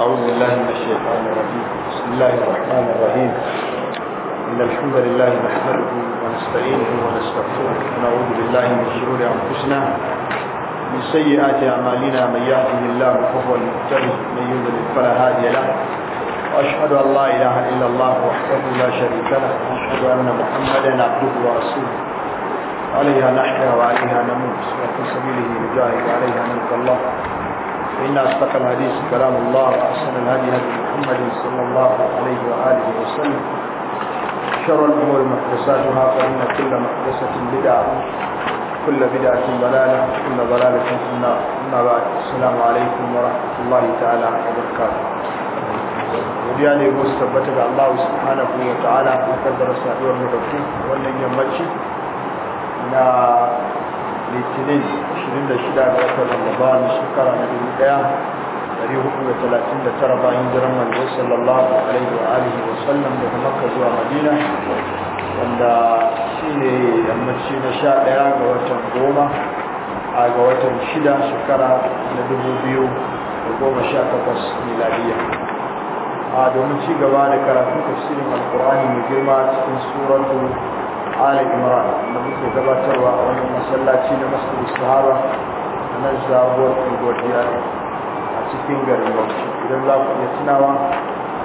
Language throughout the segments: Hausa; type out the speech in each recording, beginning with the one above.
أعوذ بالله من الشيطان الرجيم بسم الله الرحمن الرحيم إن الحمد لله نحمده ونستعينه ونستغفره ونعوذ بالله من شرور أنفسنا من سيئات أعمالنا من يهده الله فهو المهتدي من يضلل فلا هادي له وأشهد أن لا إله إلا الله وحده لا شريك له وأشهد أن محمدا عبده ورسوله عليها نحيا وعليها نموت وفي سبيله نجاهد عليها نلقى الله فإن أصدق الحديث كلام الله وأحسن الهدي هدي محمد صلى الله عليه وآله وسلم شر الأمور محدثاتها فإن كل محدثة بدعة كل بدعة ضلالة كل ضلالة في النار أما بعد السلام عليكم ورحمة الله تعالى وبركاته godiya يقول ko الله سبحانه وتعالى Allah subhanahu wa ta'ala a litinin 26 ga watan ramadan shekara na 1439 bayan jiran manzo sallallahu alaihi wa alihi wa sallam daga makka zuwa madina wanda shine yammaci na 11 ga watan goma a ga watan 6 shekara na 2018 miladiya a domin ci gaba da karatu tafsirin alkur'ani mai girma cikin suratu ali imran da muke gabatarwa a wannan masallaci na masjid sahaba na zabuwar kogodiya a cikin garin bauchi idan za ku iya tunawa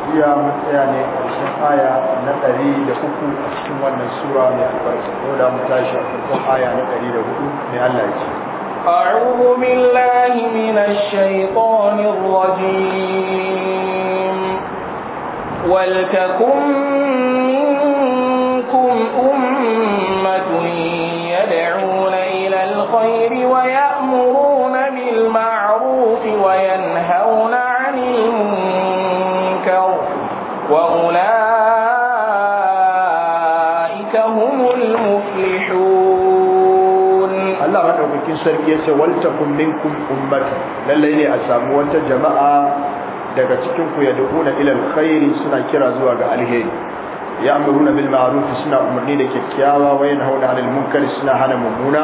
jiya mun tsaya ne a ƙarshen aya na ɗari da uku a cikin wannan sura mai albarka ko da mu tashi a farkon aya na ɗari da hudu mai allah ce أعوذ بالله من الشيطان الرجيم ولتكن sarki yace wal takum minkum ummatu lalle ne a samu wata jama'a daga cikin ku yad'una ila alkhairi suna kira zuwa ga alheri Ya ya'muruna bil ma'ruf suna umarni da kyakkyawa wa yanhauna 'anil munkari suna hana mummuna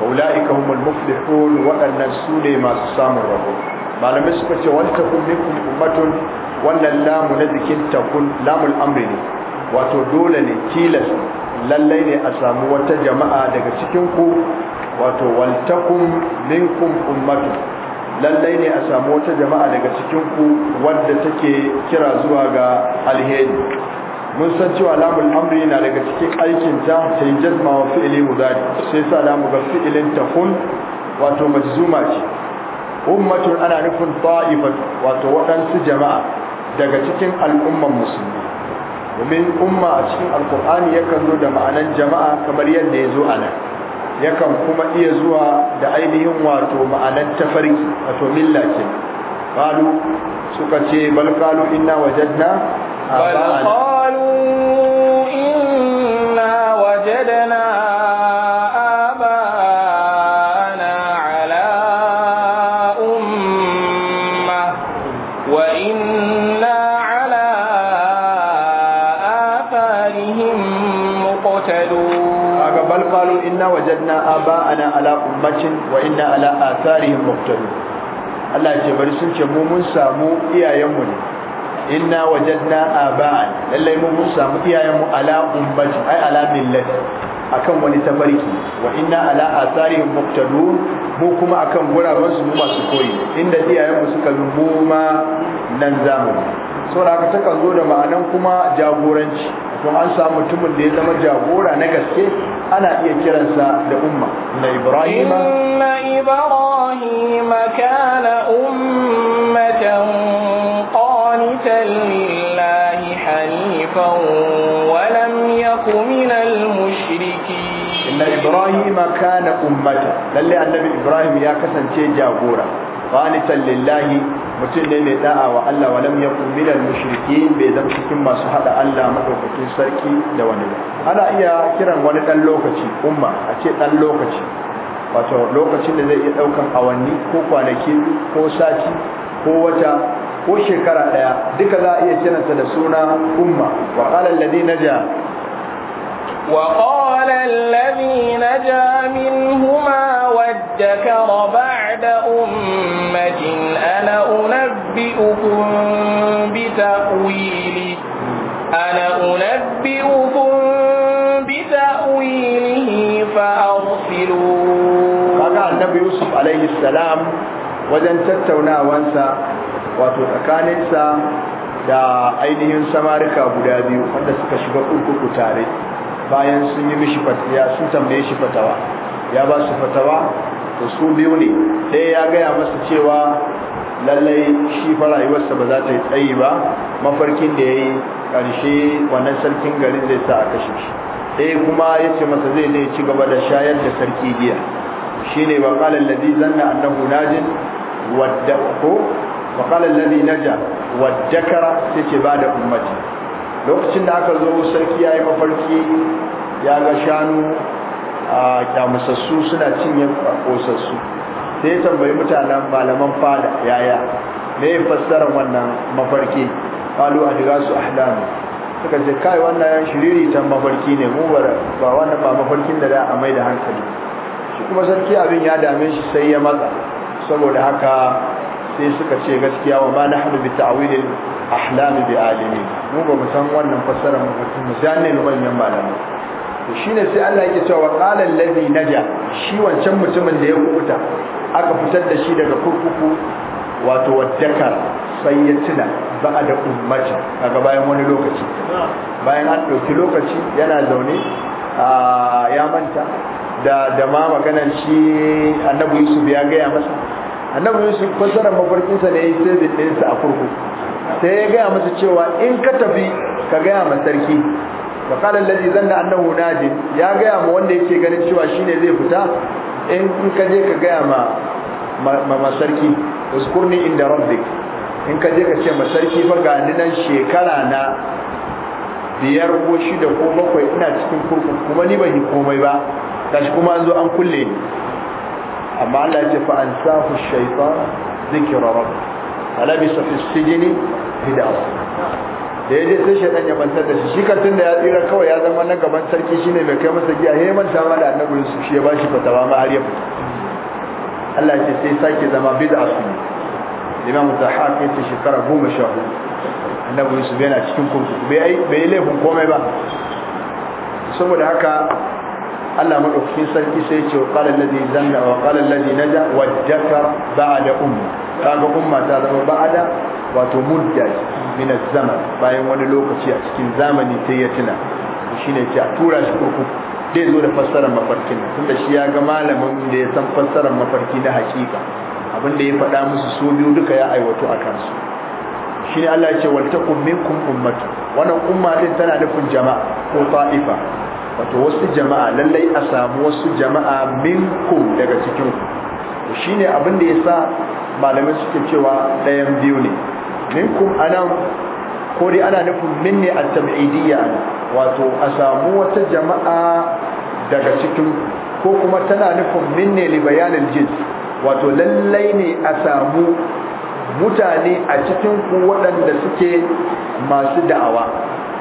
wa ulaika humul muflihun wa su ne masu samun rabo malamai suka ce wal takum minkum ummatun wannan lamu na zikin takun lamul amri ne wato dole ne tilas lallai ne a samu wata jama'a daga cikin ku wato waltakum minkum ummatu lallai ne a samu wata jama'a daga cikinku wadda take kira zuwa ga alheri mun san cewa lamul amri yana daga cikin aikin ta ta yi jazma wa fi'ili mudari sai sa lamu ga fi'ilin tafun wato majzuma ce ummatun ana nufin ta'ifat wato waɗansu jama'a daga cikin al'umman musulmi domin umma a cikin alkur'ani yakan zo da ma'anan jama'a kamar yadda ya zo a nan yakan kuma iya zuwa da ainihin wato ma'anar tafarki wato milla ce qalu suka ce bal qalu inna wajadna bal qalu inna wajadna ana ala ummatin wa inna ala atharihim muqtadun Allah ce bari sun ce mu mun samu iyayenmu ne inna wajadna aba'an lallai mu mun samu iyayenmu ala ummati ai ala millati akan wani tafarki wa inna ala atharihim muqtadun mu kuma akan gurabansu mu su koyi inda iyayenmu suka ma nan zamu saboda takan zo da ma'anan kuma jagoranci to an samu mutumin da ya zama jagora na gaske ana iya kiransa da umma na ibrahim inna ibrahim kana ummatan qanitan lillahi hanifan wa lam yakun al mushriki inna ibrahim kana ummatan lalle annabi ibrahim ya kasance jagora qanitan lillahi mutum ne mai da'a wa Allah wa lam yakun minal mushrikeen bai zama cikin masu hada Allah madaukakin sarki da wani ba ana iya kiran wani dan lokaci umma a ce dan lokaci wato lokacin da zai iya daukan awanni ko kwanaki ko sati ko wata ko shekara daya duka za a iya kiransa da suna umma wa qala alladhi naja وقال الذي نجا منهما وادكر بعد أمة أنا أنبئكم بتأويله أنا أنبئكم بتأويله فأرسلوا هذا النبي يوسف عليه السلام wajen tattaunawansa wato tsakaninsa da ainihin samarika guda biyu wanda suka shiga kurkuku tare bayan sun yi mishi fatiya sun tambaye shi fatawa ya ba su fatawa to su biyu ne ɗaya ya gaya masa cewa lallai shi fa rayuwarsa ba za ta yi tsayi ba mafarkin da ya yi ƙarshe wannan sarkin garin zai sa a kashe shi ɗaya kuma ya ce masa zai ne ci gaba da shayar da sarki giya shi ne wa ƙalar ladi zanna annahu najin wadda ko wa ƙalar ladi naja wadda kara sai ce ba da ummati lokacin da aka zo sarki ya yi mafarki ya ga shanu a kyamusassu suna cinye kosassu sai ya tambayi mutanen malaman fada yaya me ya fassara wannan mafarki kalu a diga su ahlamu suka ce kai wannan shiriri ta mafarki ne mu ba wannan ba mafarkin da za a mai da hankali shi kuma sarki abin ya dame shi sai ya matsa saboda haka sai suka ce gaskiya wa ma na hannu bi ta'awilin ahlami bi alimi mu ba mu san wannan fassara mu mu jane manyan malamai to shine sai Allah yake cewa qala allazi naja shi wancan mutumin da ya kubuta aka fitar da shi daga kurkuku wato wadaka sai ya tuna ba da ummaci daga bayan wani lokaci bayan an dauki lokaci yana zaune ya manta da da ma maganar shi annabi Yusuf ya gaya masa annabi Yusuf fassara mafarkinsa ne sai da ɗinsa a kurkuku sai ya gaya masa cewa in ka tafi ka gaya ma sarki wa qala allazi zanna annahu najin ya gaya ma wanda yake ganin cewa shine zai fita in ka je ka gaya ma ma sarki uskurni inda rabbik in ka je ka ce ma sarki fa ga nan shekara na biyar ko shida ko bakwai ina cikin kurkuku kuma ni ban yi komai ba gashi kuma an zo an kulle ni amma Allah ya ce fa ansahu shaytan zikra rabbik su fi sijini bid'a da yaje sai shaytan ya bantar da shi shi kan tunda ya tsira kawai ya zama na gaban sarki shine mai kai masa giya he manta ma da annabi su shi ya bashi fatawa ma har ya fita Allah ce sai sake zama bid'a sunni Imam Zahaq ce shekara goma sha 14 annabi bai yana cikin kurkuku bai bai laifin komai ba saboda haka Allah madaukakin sarki sai ya ce wa qala allazi zanna wa na da wadda wa dakara ba'da umma kaga umma ta zama ba a da wato mudda min zaman bayan wani lokaci a cikin zamani ta ya tuna shine ce a tura shi kurkuku zai zo da fassarar mafarkin tunda shi ya ga malamin da ya san fassarar mafarki na hakika abin da ya faɗa musu su biyu duka ya aiwato a kansu shi ne Allah ya ce waltakum minkum ummatu wannan umma din tana nufin jama'a ko ta'ifa wato wasu jama'a lallai a samu wasu jama'a minku daga cikin ku shine abin da yasa malamin suke cewa ɗayan biyu ne minkum anan ko dai ana nufin minne at-tab'idiyya wato a samu wata jama'a daga cikin ko kuma tana nufin minne li bayanin jins wato lallai ne a samu mutane a cikin ku waɗanda suke masu da'awa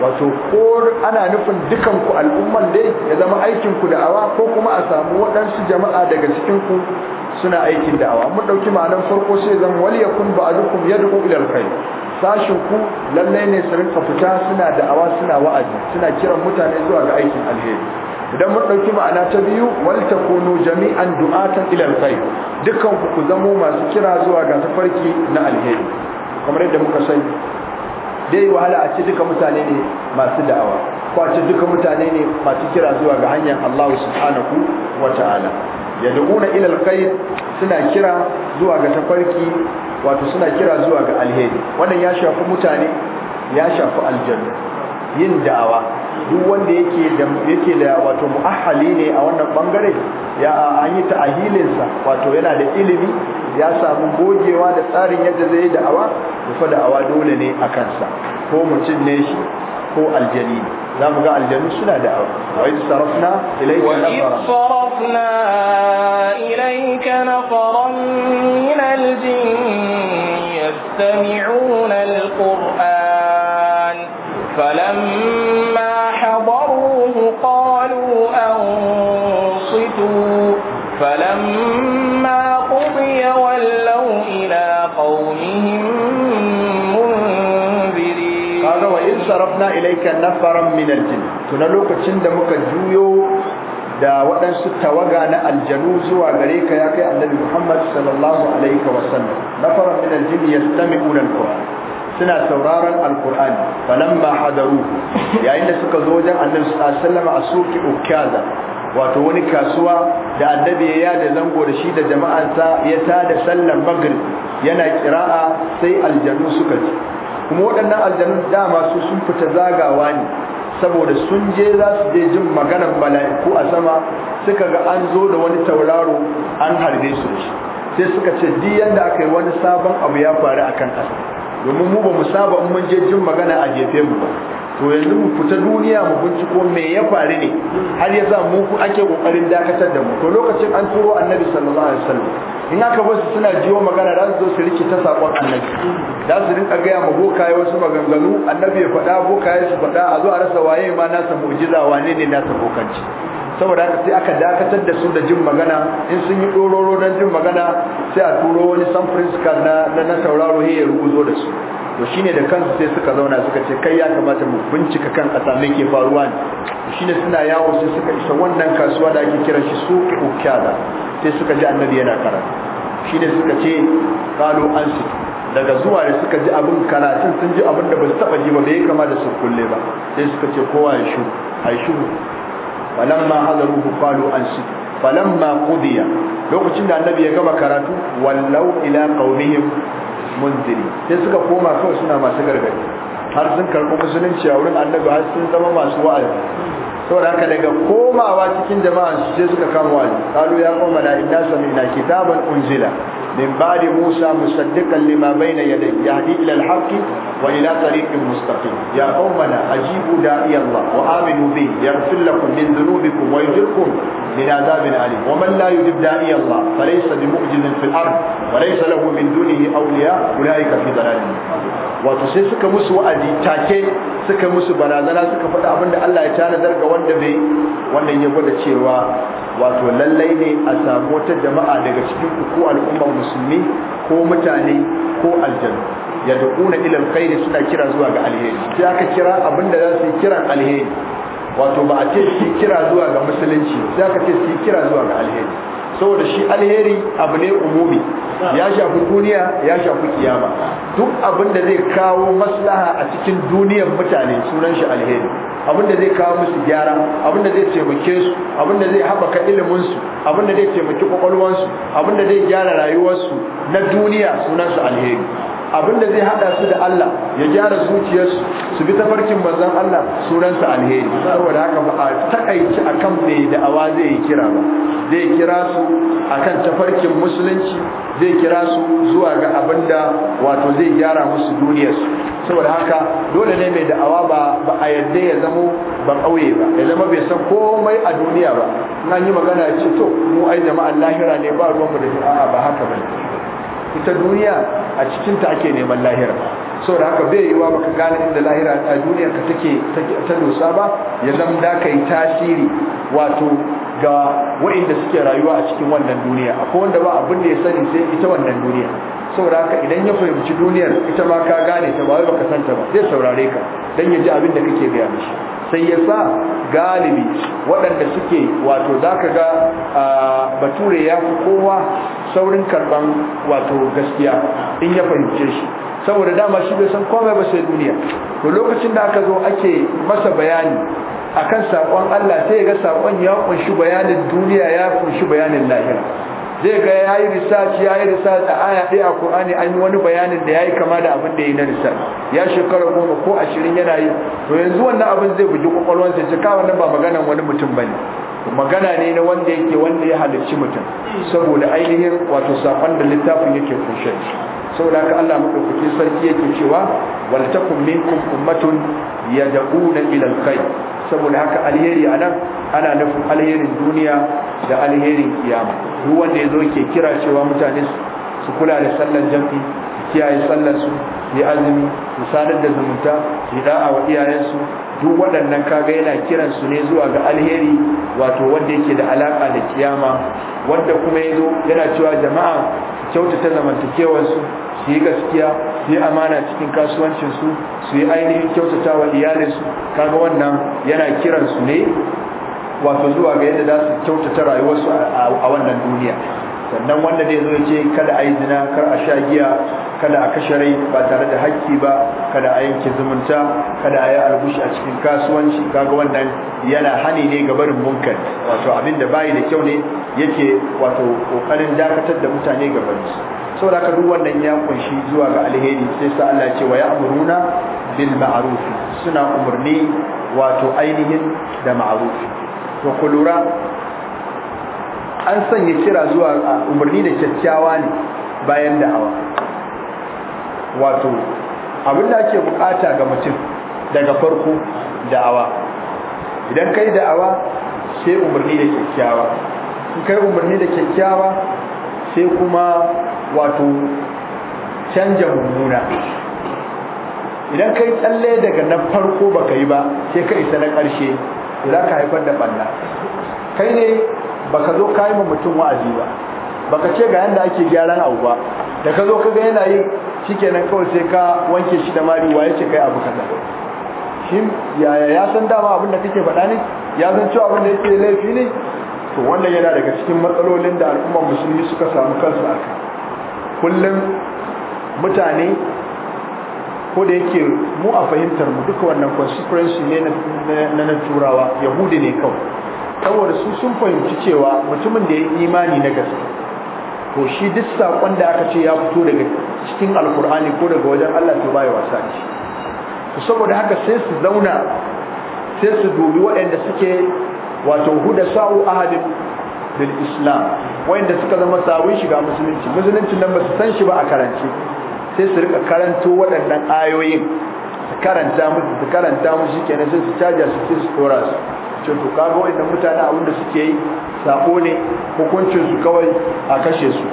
wato ko ana nufin dukan ku al'umman dai ya zama aikin ku da'awa ko kuma a samu waɗansu jama'a daga cikin ku suna aikin da'awa mun dauki ma'anar farko sai zan wal yakun ba'dukum yad'u ila alkhair sashin ku lalle ne su rinka fita suna da'awa suna wa'azi suna kiran mutane zuwa ga aikin alheri idan mun dauki ma'ana ta biyu wal takunu jami'an du'atan ila alkhair dukan ku ku zamo masu kira zuwa ga tafarki na alheri kamar yadda muka sani dai wahala a ce duka mutane ne masu da'awa ko a ce duka mutane ne masu kira zuwa ga hanyar Allah subhanahu wa ta'ala yad'una ila alkhair suna kira zuwa ga tafarki wato suna kira zuwa ga alheri wannan ya shafi mutane ya shafi aljanna yin da'awa duk wanda yake da yake da wato mu'ahali ne a wannan bangare ya an yi ta'ahilin sa wato yana da ilimi ya samu gogewa da tsarin yadda zai da awa fa da awa dole ne a kansa ko mutum ne shi ko aljani za mu ga aljanu suna da awa wa idh sarafna ilayka na sarafna ilayka nafaran min aljin yastami'una alqur ilaika nafaran min aljin tuna lokacin da muka juyo da waɗansu tawaga na aljanu zuwa gare ka ya kai annabi Muhammad sallallahu alaihi wa sallam nafaran min aljin yastami'una alquran suna sauraron alqur'ani falamma hadaruhu yayin da suka zo wajen annabi sallallahu alaihi wa sallam a suki ukkaza wato wani kasuwa da annabi ya yada zango da shi da jama'arsa ya tada sallar maghrib yana kira'a sai aljanu suka ji kuma waɗannan aljanun dama su sun fita zagawa ne saboda sun je za su je jin maganar mala'iku a sama suka ga an zo da wani tauraro an harbe su shi sai suka ce di yadda aka yi wani sabon abu ya faru a kan ƙasa domin mu ba mu saba in mun je jin magana a jefe mu ba to yanzu mu fita duniya mu binciko me ya faru ne har ya sa mu ake kokarin dakatar da mu to lokacin an turo annabi sallallahu alaihi wasallam in aka su suna jiwo magana da su zo su ta sakon annabi da su rinka gaya ma bokaye wasu maganganu annabi ya faɗa bokaye su faɗa a zo a rasa waye ma nasa mu'jiza wane ne nasa bokanci saboda sai aka dakatar da su da jin magana in sun yi dororo don jin magana sai a turo wani samfurin suka na na sauraro he ya rubuzo da su to shine da kansu sai suka zauna suka ce kai ya kamata mu bincika kan ƙasa me ke faruwa ne shine suna yawo sai suka isa wannan kasuwa da ake kira shi su ukyada sai suka ji annabi yana karatu shine suka ce qalu ansu daga zuwa da suka ji abin karatun sun ji abin da ba su taba ji ba bai kama da su kulle ba sai suka ce kowa ya shiru ai shiru falamma hadaruhu qalu ansit falamma qudiya lokacin da annabi ya gama karatu wallau ila qaumihim munziri sai suka koma kawai suna masu gargadi har sun karɓi musulunci a wurin annabi har sun zama masu wa'azi saboda haka daga komawa cikin jama'a sai suka kama wali qalu ya qaumana inna sami'na kitaban unzila min ba'di musa musaddiqan lima bayna yadayhi yahdi ila al-haqq wa ila tariqin mustaqim ya qaumana ajibu da'i Allah wa aminu bi yaghfir lakum min dhunubikum wa yujirkum min adhabin alim wa man la yujib da'i Allah falaysa bimu'jizin fil ard wa laysa lahu min dunihi awliya ulaika fi dhalalin wato sai suka musu wa'azi take suka musu barazana suka faɗa abinda Allah ya tanadar ga wanda zai wannan ya gwada cewa wato lallai ne a samu wata jama'a daga cikin ko al'ummar musulmi ko mutane ko aljanu ya dukuna ila alkhairi suna kira zuwa ga alheri sai aka kira abinda za su yi kiran alheri wato ba a ce su kira zuwa ga musulunci sai aka ce su kira zuwa ga alheri saboda shi alheri abu ne umumi ya shafi duniya ya shafi kiyama duk abin da zai kawo maslaha a cikin duniyar mutane sunan shi alheri abinda zai kawo musu gyara abinda zai taimake su abinda zai haɓaka iliminsu abin da zai taimake ƙwaƙwalwansu, abin da zai gyara rayuwarsu na duniya sunansu alheri abinda zai haɗa su da Allah ya gyara zuciyarsu su bi tafarkin manzon Allah sunansu alheri saboda haka ba a takaici akan da awa zai yi kira ba zai kira su akan tafarkin musulunci zai kira su zuwa ga abinda wato zai gyara musu duniyarsu saboda haka dole ne mai da'awa ba ba a yadda ya zama ban auye ba ya zama bai san komai a duniya ba na yi magana ce to mu ai jama'an lahira ne ba ruwan mu da a'a ba haka ba ita duniya a cikinta ake neman lahira da haka bai wa baka gane inda lahira a duniyar ka take ta dosa ba ya zama da kai tasiri wato ga waɗanda suke rayuwa a cikin wannan duniya akwai wanda ba abin da ya sani sai ita wannan duniya da haka idan ya fahimci duniyar ita ma ka gane ta ba wai baka santa ba zai saurare ka don ya ji abin da kake gaya mishi sai ya sa galibi waɗanda suke wato za ka ga bature ya fi kowa saurin karɓan wato gaskiya in ya fahimce shi saboda dama shi bai san komai ba sai duniya to lokacin da aka zo ake masa bayani akan sakon Allah sai ya ga sakon ya kunshi bayanin duniya ya kunshi bayanin lahira zai ga yayi research yayi research a aya ɗaya a Qur'ani an yi wani bayanin da yayi kama da abin da yayi na research ya shekara goma ko ashirin yana yi to yanzu wannan abin zai buji kwakwalwarsa ce ka wannan ba magana wani mutum bane magana ne na wanda yake wanda ya halarci mutum saboda ainihin wato sakon da littafin yake kunshe saboda haka Allah madaukakin sarki yake cewa wal takum minkum ummatun yad'una ila alkhair saboda haka alheri anan ana nufin alherin duniya da alherin kiyama duk wanda yazo yake kira cewa mutane su kula da sallar jami'i kiyaye sallar su yi azumi su sadar da zumunta yi da'a wa iyayensu duk waɗannan kaga yana kiran su ne zuwa ga alheri wato wanda yake da alaka da kiyama wanda kuma yazo yana cewa jama'a kyautata zamantakewarsu su yi gaskiya su yi amana cikin kasuwancinsu su yi ainihin kyautata wa iyalinsu kaga wannan yana kiransu ne wato zuwa ga yadda za su kyautata rayuwarsu a wannan duniya sannan wanda zai zo ya ce kada a yi zina kar a sha giya kada a kashe rai ba tare da hakki ba kada a yanke zumunta kada a yi albushi a cikin kasuwanci kaga wannan yana hani ne ga barin munkar wato abin da bayi da kyau ne yake wato kokarin dakatar da mutane ga barin saboda haka duk wannan ya kunshi zuwa ga alheri sai sa Allah ce wa ya'muruna bil ma'ruf suna umurni wato ainihin da ma'ruf to kulura an sanya kira zuwa umarni da kyakkyawa ne bayan da'awa wato abin da ake bukata ga mutum daga farko da'awa idan kai da'awa sai umarni da kyakkyawa in kai umarni da kyakkyawa sai kuma wato canja mummuna idan kai tsalle daga na farko baka yi ba sai ka isa na ƙarshe za ka haifar da ɓanna kai ne baka zo ka yi mutum wa'azi ba baka ce ga yanda ake gyaran abu ba da ka zo ka ga yana yi shikenan kawai sai ka wanke shi da mari waye ce kai abu kaza shi yaya ya san dama abin da kake faɗa ne ya san cewa abin da yake laifi ne to wannan yana daga cikin matsalolin da al'ummar musulmi suka samu kansu a kullum mutane ko da yake mu a fahimtar mu duka wannan consequence ne na na turawa yahudi ne kawai saboda su sun fahimci cewa mutumin da ya yi imani na gaske to shi duk sakon da aka ce ya fito daga cikin alkur'ani ko daga wajen Allah to bai wasa shi to saboda haka sai su zauna sai su dubi waɗanda suke wato huda sa'u ahadin bil islam waɗanda suka zama sawun shiga musulunci musulunci nan ba su san shi ba a karance sai su rika karanto waɗannan ayoyin su karanta musu su karanta musu shikenan sai su caja su sai su tora su cin to kaga wanda mutane abin da suke yi sako ne hukuncin su kawai a kashe su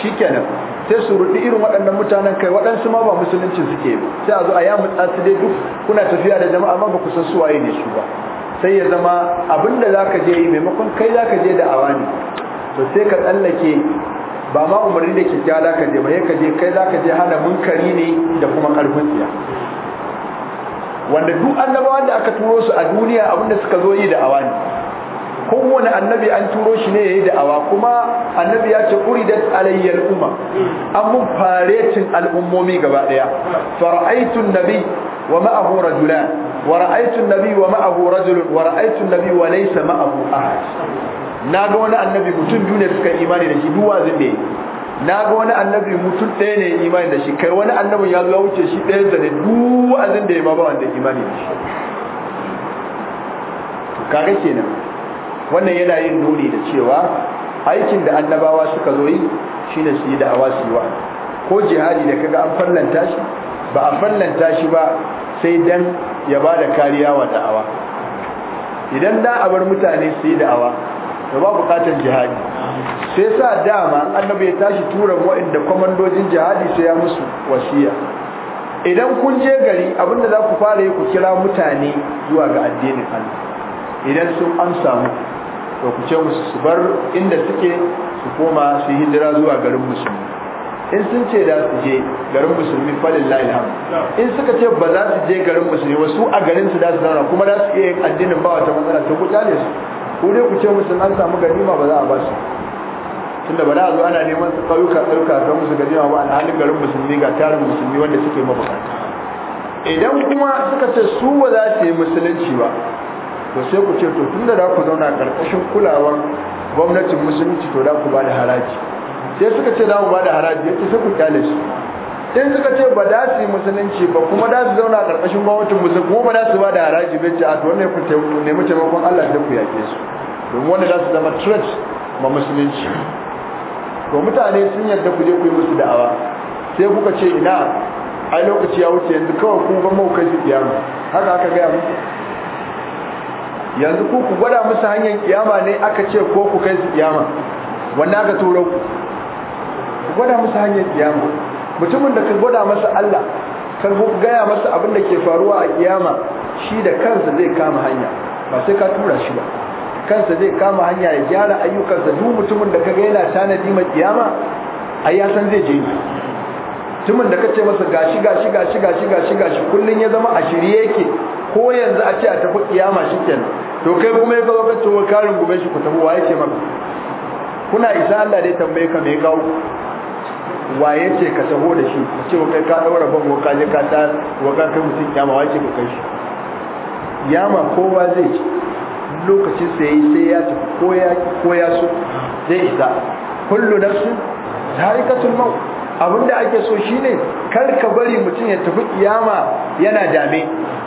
shikenan sai su rudi irin waɗannan mutanen kai waɗansu ma ba musulunci suke ba sai a zo a yamu tsasu dai duk kuna tafiya da jama'a ma ba ku san su waye ne su ba sai ya zama abin da zaka je yi maimakon kai zaka je da awani to sai ka tsallake ba ma umarni da kyakkyawa zaka je ba sai ka je kai zaka je hana munkari ne da kuma karfin tsiya wanda duk annabawan da aka turo su a duniya abinda suka zo yi da awa ne kowane annabi an turo shi ne yayi da'awa kuma annabi ya ce uridat alayya al-umma an mun faretin al'ummomi gaba daya fara'aitu an-nabi wa ma'ahu rajulan wa ra'aitu an-nabi wa ma'ahu rajulun wa ra'aitu an-nabi wa laysa ma'ahu ahad ga wani annabi mutum biyu ne suka imani da shi duwa zinde na ga wani annabi mutum ɗaya ne imani da shi kai wani annabin ya zuwa wuce shi ɗaya da ne duk wa'azin da ya ma ba wanda imani da shi kaga kenan wannan yana yin nuni da cewa aikin da annabawa suka zo yi shine su yi da'awa su yi wa ko jihadi da kaga an fallanta shi ba a fallanta shi ba sai dan ya ba da kariya wa da'awa idan na a bar mutane su yi da'awa to ba bukatar jihadi sai sa dama annabi ya tashi tura waɗanda komandojin jihadi sai ya musu wasiya idan kun je gari abinda za ku fara yi ku kira mutane zuwa ga addinin Allah idan sun amsa mu to ku ce musu su bar inda suke su koma su hijira zuwa garin musulmi in sun ce da su je garin musulmi falillahi alhamd in suka ce ba za su je garin musulmi wasu a garin su da su zauna kuma da su iya yin addinin ba wata matsala to ku tale su ko dai ku ce musu an samu ganima ba za a ba su tunda ba za a zo ana neman su ƙauyuka ƙauyuka ta musu ma ba alhalin garin musulmi ga tarin musulmi wanda suke mabukata idan kuma suka ce su ba za su yi musulunci ba to sai ku ce to tunda za ku zauna ƙarƙashin kulawar gwamnatin musulunci to za ku ba da haraji sai suka ce za mu ba da haraji ya sai ku kyale su in suka ce ba za su yi musulunci ba kuma za su zauna ƙarƙashin gwamnatin musulunci kuma ba za su ba da haraji bai ce a to wannan ku nemi taimakon Allah da ku yaƙe su domin wanda za su zama threat ma musulunci to mutane sun yarda ku je ku yi musu da'awa sai kuka ce ina ai lokaci ya wuce yanzu kawai ku ga mu kai su kiyama haka aka gaya mu yanzu ku ku gwada musu hanyar kiyama ne aka ce ko ku kai su kiyama wannan aka turo ku ku gwada musu hanyar kiyama mutumin da ka gwada masa Allah kan gaya masa abin da ke faruwa a kiyama shi da kansa zai kama hanya ba sai ka tura shi ba kansa zai kama hanya ya gyara ayyukansa duk mutumin da kaga yana tanadi mai kiyama ai ya san zai je ni. mutumin da kace masa gashi gashi gashi gashi gashi gashi kullun ya zama a shirye yake ko yanzu a ce a tafi kiyama shikenan to kai kuma ya kawo kace wa karin gube shi ku tafi wa yake maka kuna isa Allah dai tambaye ka me gawo? wa yace ka taho da shi ce kai ka daura ban wa ka je ka ta wa ka kai mutum kiyama wa yake ka kai shi yama kowa zai ci lokacin sa yayi sai ya tafi ko ya ko ya so zai isa kullu nafsin zaikatul maut abinda ake so shine kar ka bari mutum ya tafi kiyama yana dame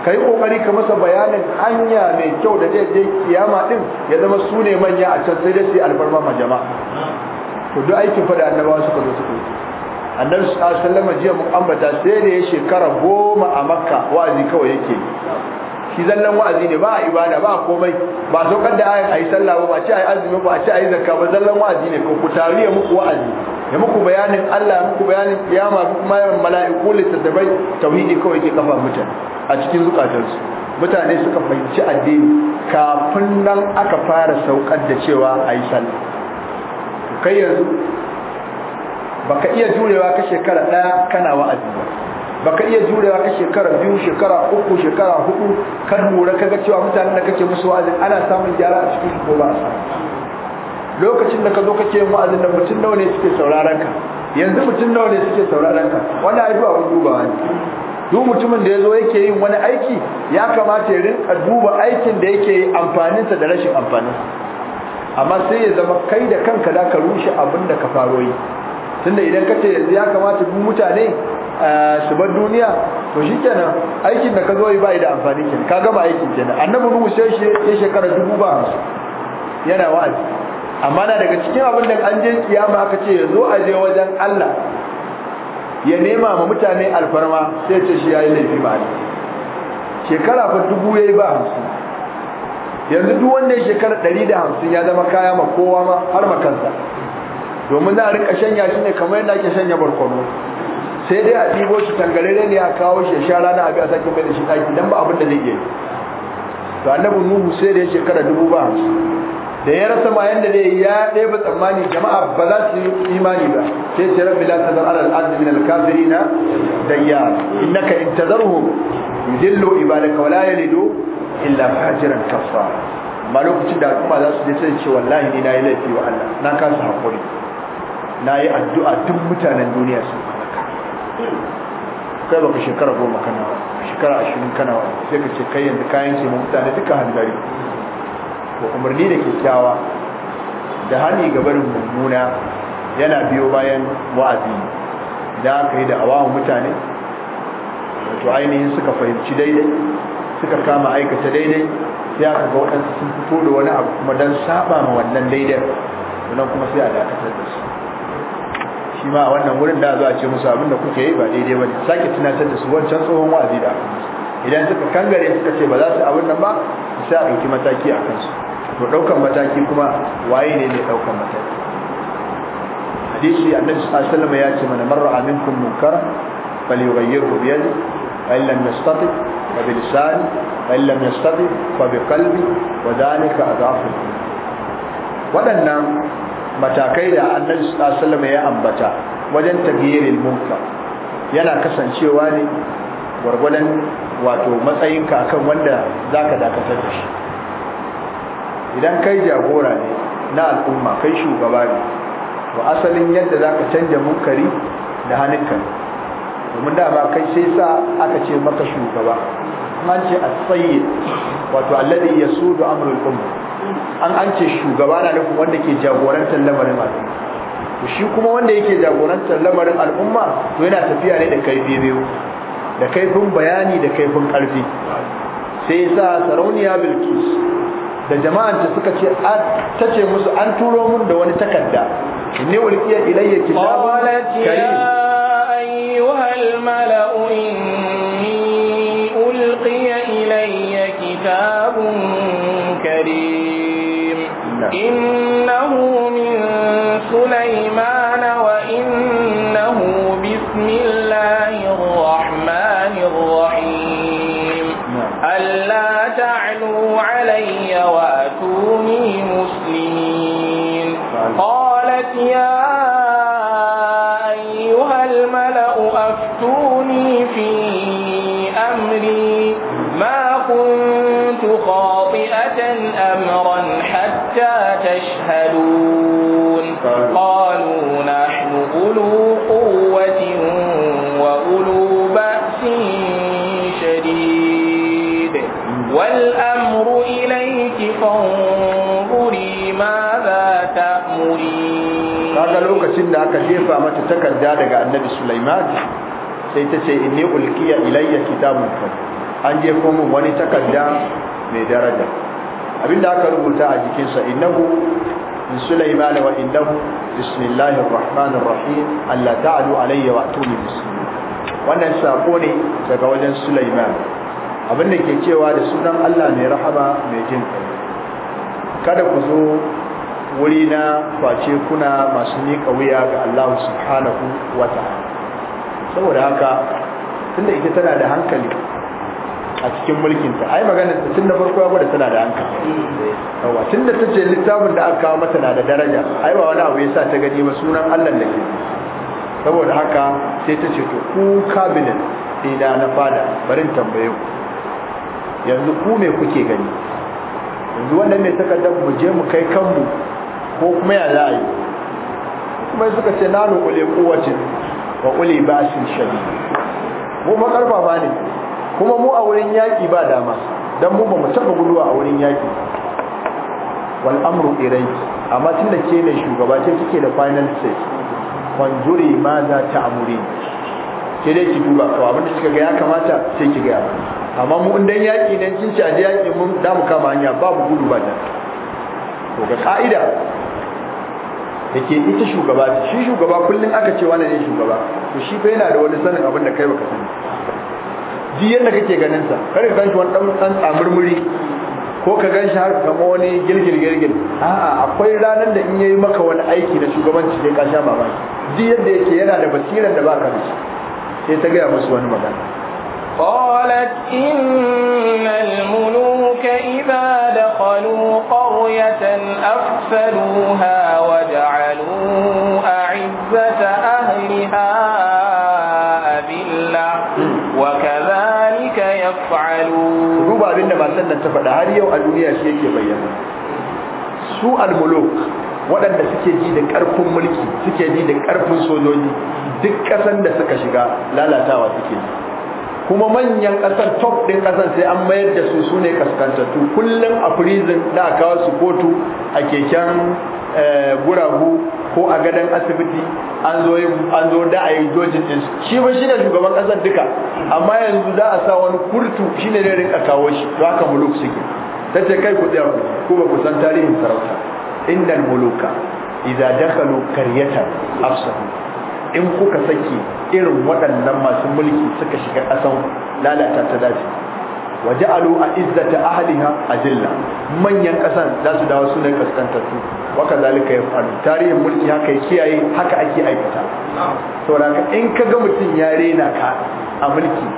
kai kokari ka masa bayanin hanya mai kyau da zai je kiyama din ya zama sune manya a can sai da su alfarma ma jama'a to duk aikin fa da annabawa suka zo suka annabi sallallahu alaihi wasallam jiya mu ambata sai da ya shekara goma a makka wazi kawai yake shi zallan wa'azi ne ba ibada ba komai ba so kan da ayi ayi sallah ba ce ayi azumi ba ce ayi zakka ba zallan wa'azi ne ko ku tariya muku wa'azi ya muku bayanin Allah muku bayanin kiyama muku mayan mala'iku littattafai tauhidi kawai ke kafa mutane a cikin zukatansu mutane suka fahimci addini kafin nan aka fara saukar da cewa ayi sallah kai yanzu baka iya jurewa ka shekara daya kana wa'azi ba baka iya jurewa ka shekara biyu shekara uku shekara hudu ka lura kaga cewa mutanen da kake musu wa'azi ana samun gyara a cikin su ko ba a lokacin da ka zo kake yin wa'azi, da mutum nawa ne suke sauraron ka yanzu mutum nawa ne suke sauraron ka wannan ai duba wani. ne duk mutumin da yazo yake yin wani aiki ya kamata ya rinka duba aikin da yake yi amfaninsa da rashin sa amma sai ya zama kai da kanka da ka rushe abin da ka faro yi tunda idan ka ce yanzu ya kamata mu mutane Eh, su bar duniya to shi kenan aikin da ka zo yi ba da amfani kenan ka gama aikin kenan annabi nuhu sai shi ya shekara dubu ba hamsin yana wa'azi amma na daga cikin abin da an je kiyama aka ce ya zo a je wajen Allah ya nema ma mutane alfarma sai ce shi yayi laifi ba shekara fa dubu yayi ba hamsin yanzu duk wanda ya shekara ɗari da hamsin ya zama kaya ma kowa ma har ma kansa domin za a rika shanya shi ne kamar yadda ake shanya barkono sai dai a ɗibo shi tangarere ne a kawo shi sha rana a biya sake mai da shi ɗaki don ba abin da zai yi to annabi nuhu sai da ya shekara dubu ba da ya rasa ma yanda ne ya ɗaya ba tsammani jama'a ba za su yi imani ba sai ce rabbi la tazar ala na ardi min al in dayyar innaka in tazarhum yudillu ibadaka wala yalidu illa fajiran kafa ma lokacin da al'umma za su je sai ce wallahi ni na yi laifi wa Allah na kasa hakuri na yi addu'a duk mutanen duniya su kai baka shekara goma kana wa shekara ashirin kana wa sai ka ce kai yanzu kayan ce mutane duka hanzari Ko umarni da kyakkyawa da hannu ga barin mummuna yana biyo bayan wa'azi da aka yi da awawan mutane wato ainihin suka fahimci daidai suka kama aikata daidai sai aka ga waɗansu sun fito da wani abu kuma don saba ma wannan daidai Wannan kuma sai a dakatar da su shi ma a wannan wurin da za a ce musu abin da kuke yi ba daidai ba ne sake tunatar da su wancan tsohon wa'azi da idan suka kangare suka ce ba za su abin nan ba sai a ɗauki mataki a kansu to ɗaukan mataki kuma waye ne mai ɗaukan mataki hadisi annabi sallallahu alaihi wasallam ya ce mana marra aminkum munkara falyughayyirhu bi yadi fa in lam yastati fa bi lisani fa in lam yastati fa bi qalbi wa dhalika adhafu waɗannan matakai da annabi sallallahu alaihi ya ambata wajen taghyiril munka yana kasancewa ne gwargwadon wato matsayinka akan wanda zaka dakatar da shi idan kai jagora ne na al'umma kai shugaba ne to asalin yadda zaka canja munkari da hannunka domin dama kai sai sa aka ce maka shugaba an ce as-sayyid wato alladhi yasudu amrul ummah an an ce shugaba na nufin wanda ke jagorantar lamarin al'umma to shi kuma wanda yake jagorantar lamarin al'umma to yana tafiya ne da kaifi biyu da kaifin bayani da kaifin karfi sai sa sarauniya bilkis da jama'an ta suka ce ta ce musu an turo mun da wani takarda inni ulqiya ilayya kitabun karim ayyuhal mala'in ¡Bien! da aka jefa mata takarda daga annabi Sulaiman sai ta ce inni ulqiya ilayya kitabun an jefo min wani takarda mai daraja abinda aka rubuta a jikin sa innahu min Sulaiman wa innahu bismillahir rahmanir rahim alla ta'du alayya wa atuni muslimin wannan sako ne daga wajen Sulaiman abinda ke cewa da sunan Allah mai rahama mai jin kai kada ku zo wuri na face kuna masu miƙa wuya ga Allah subhanahu wa ta'ala saboda haka tunda ita tana da hankali a cikin mulkinta ai magana tun da farko ya gwada tana da hankali yawa tun da ta ce littafin da aka kawo mata na da daraja ai ba wani abu ya sa ta gani ba sunan Allah da ke saboda haka sai ta ce to ku cabinet ina na fada bari tambaye ku yanzu ku me kuke gani yanzu wannan ne takaddar mu je mu kai kanmu ko kuma ya za a yi kuma suka ce na nukule kowacin wa ba shi shari mu ba ne kuma mu a wurin yaƙi ba dama don mu ba mu taɓa guduwa a wurin yaƙi wal amru irai amma tun da ke ne shugaba ce kike da final say wanzuri ma za ta amuri ke dai ki duba to abinda kika ga ya kamata sai ki ga amma mu in dan yaƙi ne kin ci a yaƙi mun da mu kama hanya babu gudu ba ta to ga ka'ida yake ita shugaba shi shugaba kullum aka ce wani ne shugaba to shi fa yana da wani sanin abin da kai baka sani ji yadda kake ganin sa kar ka ganshi wani dan tsamurmuri ko ka ganshi har kama wani girgir girgir a'a akwai ranar da in yayi maka wani aiki na shugabanci sai ka sha mamaki ji yadda yake yana da basiran da baka da sai ta gaya musu wani magana قالت إن الملوك إذا دخلوا قرية أفسدوها وجعلوا أعزة أهلها أذلة وكذلك يفعلون روبا بنا ما سنة تفضل هذه الدنيا شيء يبين سوء الملوك waɗanda suke ji da ƙarfin mulki suke ji da ƙarfin sojoji duk ƙasan da suka shiga lalatawa suke ji kuma manyan kasar top ɗin ƙasar sai an mayar da su su ne kaskantattu kullum a prison da aka kawo su kotu a keken eh, guragu ko a gadon asibiti an zo da a yi dojin ɗin shi ba shi ne shugaban ƙasar duka amma yanzu za a sa wani kurtu shi ne rinka kawo shi to haka muluk suke ta ce kai ku tsaya ku ko ba ku san tarihin sarauta innal muluka idza dakhalu qaryatan afsahu in kuka saki irin waɗannan masu mulki suka shiga ƙasan lalata ta dace Waje alo a izzata ahliha ajilla manyan ƙasan za su dawo sunan waka zalika ya faru. tarihin mulki haka kiyaye haka ake aikata saboda in ka ga mutum ya rena ka a mulki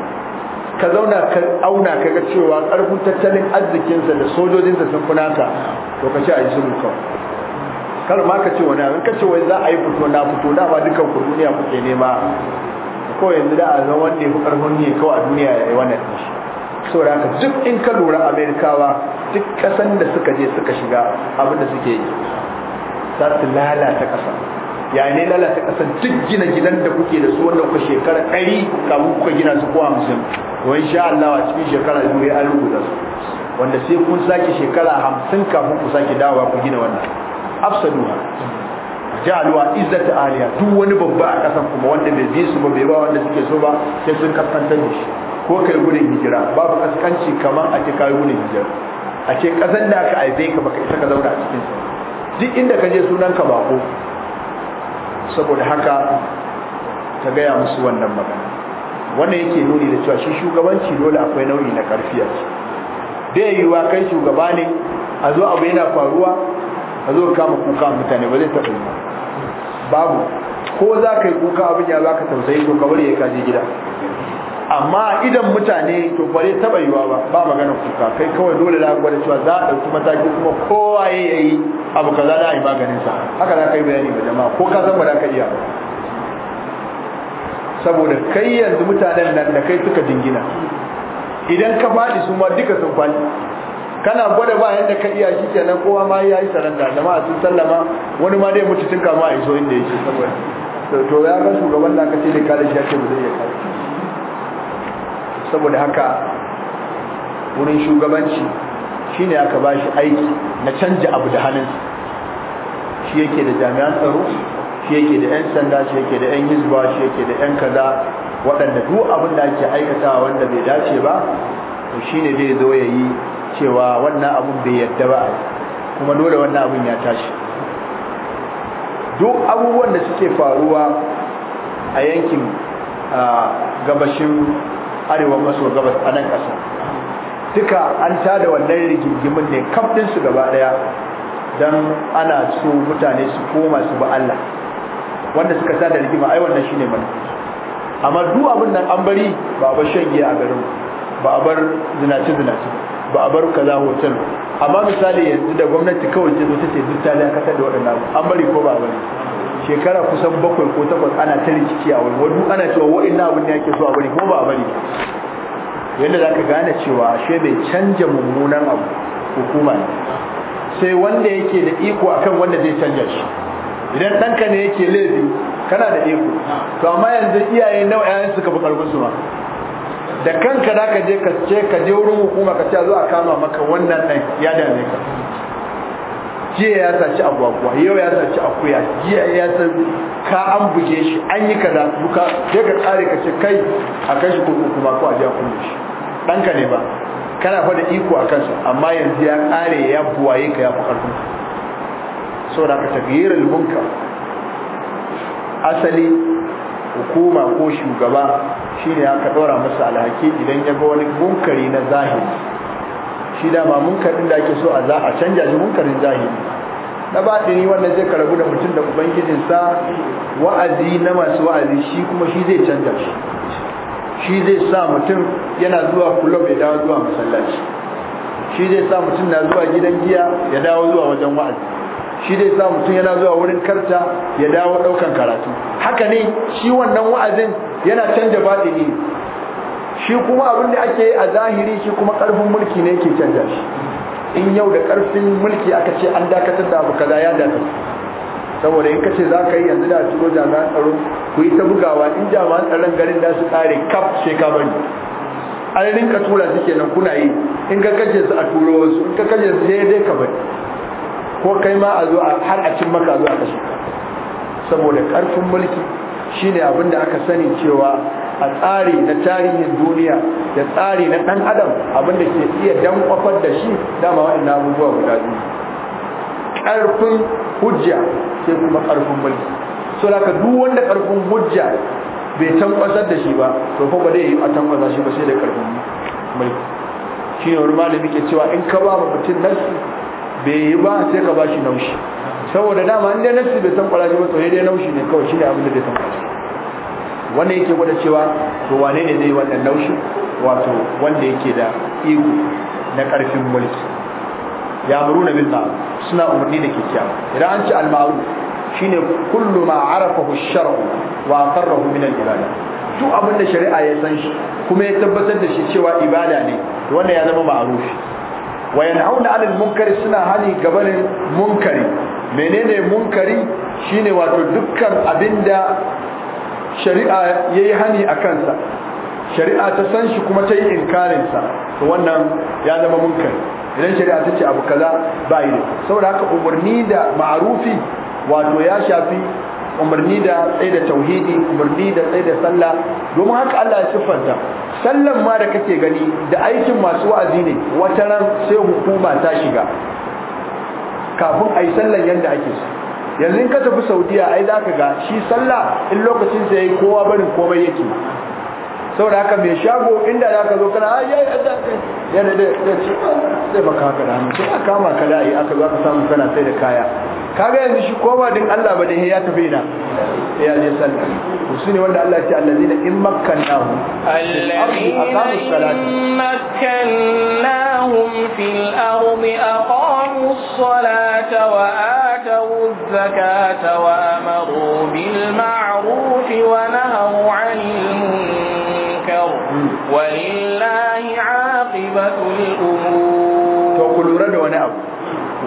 ka zauna ka auna ka ga cewa ƙarfin tattalin arzikinsa da sojojinsa sun kunaka. to ka ce a yi shiru kar ma ka ce wani abin ka ce wai za a yi fito na fito da ba dukan ku duniya kuke nema kawai yanzu da a zan wanda ya fi karfin ne kawai a duniya ya yi wannan shi saboda haka duk in ka lura amerikawa duk kasan da suka je suka shiga abin da suke yi za su lalata kasa ya ne lalata kasa duk gina gidan da kuke da su wanda ku shekara ɗari kamun kuka gina su ko hamsin wai sha Allah a cikin shekara biyu ya rubuta su wanda sai kun sake shekara hamsin kafin ku sake dawowa ku gina wannan afsaduha ja'aluha izzata aliya duk wani babba a kasan kuma wanda bai ji su ba bai ba wanda suke so ba sai sun kaskantar da shi ko kai gudun hijira babu kaskanci kamar a ce kai gudun hijira a ce kasan da aka aibe ka baka isa ka zauna a cikin sa duk inda ka je sunan ka bako saboda haka ta gaya musu wannan magana wannan yake nuni da cewa shi shugabanci dole akwai nauyi na karfiya a da yiwuwa kai shugaba ne a zo abu yana faruwa a zo kama kuka mutane ba zai taɓa yi babu ko za ka yi kuka abin ya za ka tausayi to kamar ya kaji gida amma idan mutane to ba zai taɓa yiwa ba ba magana kuka kai kawai dole za ka gwada cewa za a ɗauki mataki kuma kowa ya yi abu kaza za a yi maganinsa haka za ka yi bayani ga jama'a ko ka san ba za ka iya saboda kai yanzu mutanen nan da kai suka jingina idan ka faɗi su ma duka sun faɗi kana gwada ba yadda ka iya shi kenan kowa ma yayi yi saranda jama'a sun sallama wani ma dai mutu tun ma a iso inda yake saboda to ya ga shugaban da aka ce da kare shi ya ce ba zai iya kare saboda haka wurin shugabanci shine aka ba shi aiki na canja abu da hannunsa shi yake da jami'an tsaro shi yake da 'yan sanda shi yake da 'yan hizba shi yake da 'yan kaza waɗanda duk abin da ake aikatawa wanda bai dace ba to shine zai zo ya yi cewa wannan abun bai yadda ba kuma dole wannan abun ya tashi duk abubuwan da suke faruwa a yankin gabashin arewa maso gabas a nan ƙasa duka an tada wannan rigingimin ne su gaba ɗaya don ana so mutane su koma su ba Allah wanda suka tada rigima ai wannan shine mana amma duk abin nan an bari ba a bar shan giya a garin ba a bar zinace zinace ba a bar kaza hotel amma misali yanzu da gwamnati kawai ce zo ta ce duk ta kasar da waɗannan an bari ko ba bari shekara kusan bakwai ko takwas ana ta rikici a wani wani ana cewa na abin da yake so a bari ko ba a bari yadda za ka gane cewa shi bai canja mummunan abu hukuma ne sai wanda yake da iko akan wanda zai canja shi idan ɗanka ne yake laifi kana da iko to amma yanzu iyaye nawa 'ya'yansu ka fi karfin su ma da kanka da ka je ka ce ka je wurin hukuma ka ce zo a kama maka wannan ɗan ya dame ka jiya ya saci agwagwa yau ya saci akuya jiya ya san ka an buge shi an yi kaza duka sai ka tsare ka ce kai a kai shi kudu kuma ko a je a shi. shi ɗanka ne ba kana fa da iko a kansa amma yanzu ya ƙare ya buwaye ka ya fi ƙarfin saboda ka tafiyar munkar asali hukuma ko shugaba shine aka ɗora masa alhaki idan ya ga wani munkari na zahiri shi da ba munkarin da ake so a za a canja shi munkarin zahiri na ba ni wanda zai karabu da mutum da sa wa'azi na masu wa'azi shi kuma shi zai canja shi shi zai sa mutum yana zuwa kulob ya dawo zuwa masallaci shi zai sa mutum na zuwa gidan giya ya dawo zuwa wajen wa'azi shi dai sa mutum yana zuwa wurin karta ya dawo ɗaukan karatu haka ne shi wannan wa'azin yana canja batini shi kuma abin da ake a zahiri shi kuma ƙarfin mulki ne yake canja shi in yau da ƙarfin mulki aka ce an dakatar da abu kaza ya dakatar saboda in kace za ka yi yanzu da turo jami'an tsaro ku yi ta bugawa in jami'an tsaron garin da su tsare kaf sai ka bari an rinka tura su kenan kuna yi in ka kace su a turo wasu in ka kace su sai dai ka bari ko kai ma a zo har a cin maka zuwa kashi saboda karfin mulki shine abin da aka sani cewa a tsari na tarihin duniya da tsari na dan adam abin da ke iya dan kwafar da shi dama na abubuwa guda biyu karfin hujja sai kuma karfin mulki so da ka duk wanda karfin hujja bai tankwasar da shi ba to fa ba zai yi a tankwasa shi ba sai da karfin mulki shi ne wani malami ke cewa in ka ba mutum nasu bai yi ba sai ka bashi naushi saboda dama inda dai nafsi bai san kwalaji ba to sai dai naushi ne kawai shine abin da bai san kwalaji wannan yake gwada cewa to wane ne zai wannan naushi wato wanda yake da iko na karfin mulki ya muru na ma'ruf suna umarni da ke kyakkyawa idan an ci al ma'ruf shine kullu ma arafa ash-shar'u wa aqarrahu min al-ibada duk abin da shari'a ya san shi kuma ya tabbatar da shi cewa ibada ne wannan ya zama ma'arufi. wa yanhauna 'anil munkari suna hani gabanin munkari menene munkari shine wato dukkan abinda shari'a yayi hani a kansa shari'a ta san shi kuma ta yi inkarin sa to wannan ya zama munkari idan shari'a ta ce abu kaza ba yi saboda haka umarni da ma'arufi wato ya shafi umarni da tsaye da tauhidi umarni da tsaye da sallah domin haka Allah ya siffanta sallan ma da kake gani da aikin masu wa'azi ne wata ran sai hukuma ta shiga kafin ayi sallan yadda ake so yanzu in ka tafi saudiya ai zaka ga shi sallah in lokacin sa ya kowa barin komai yake saboda haka mai shago inda za ka zo kana ayyai da yana da ci ah, zai baka haka da hannu sai a kama ka layi aka zo aka samu kana sai da kaya kaga yanzu shi koma din Allah ba dai ya tafi na ya je sallah to su ne wanda Allah ya ce allazina in makkannahu allazina makkannahum fil ardi aqamu as-salata wa atu az-zakata wa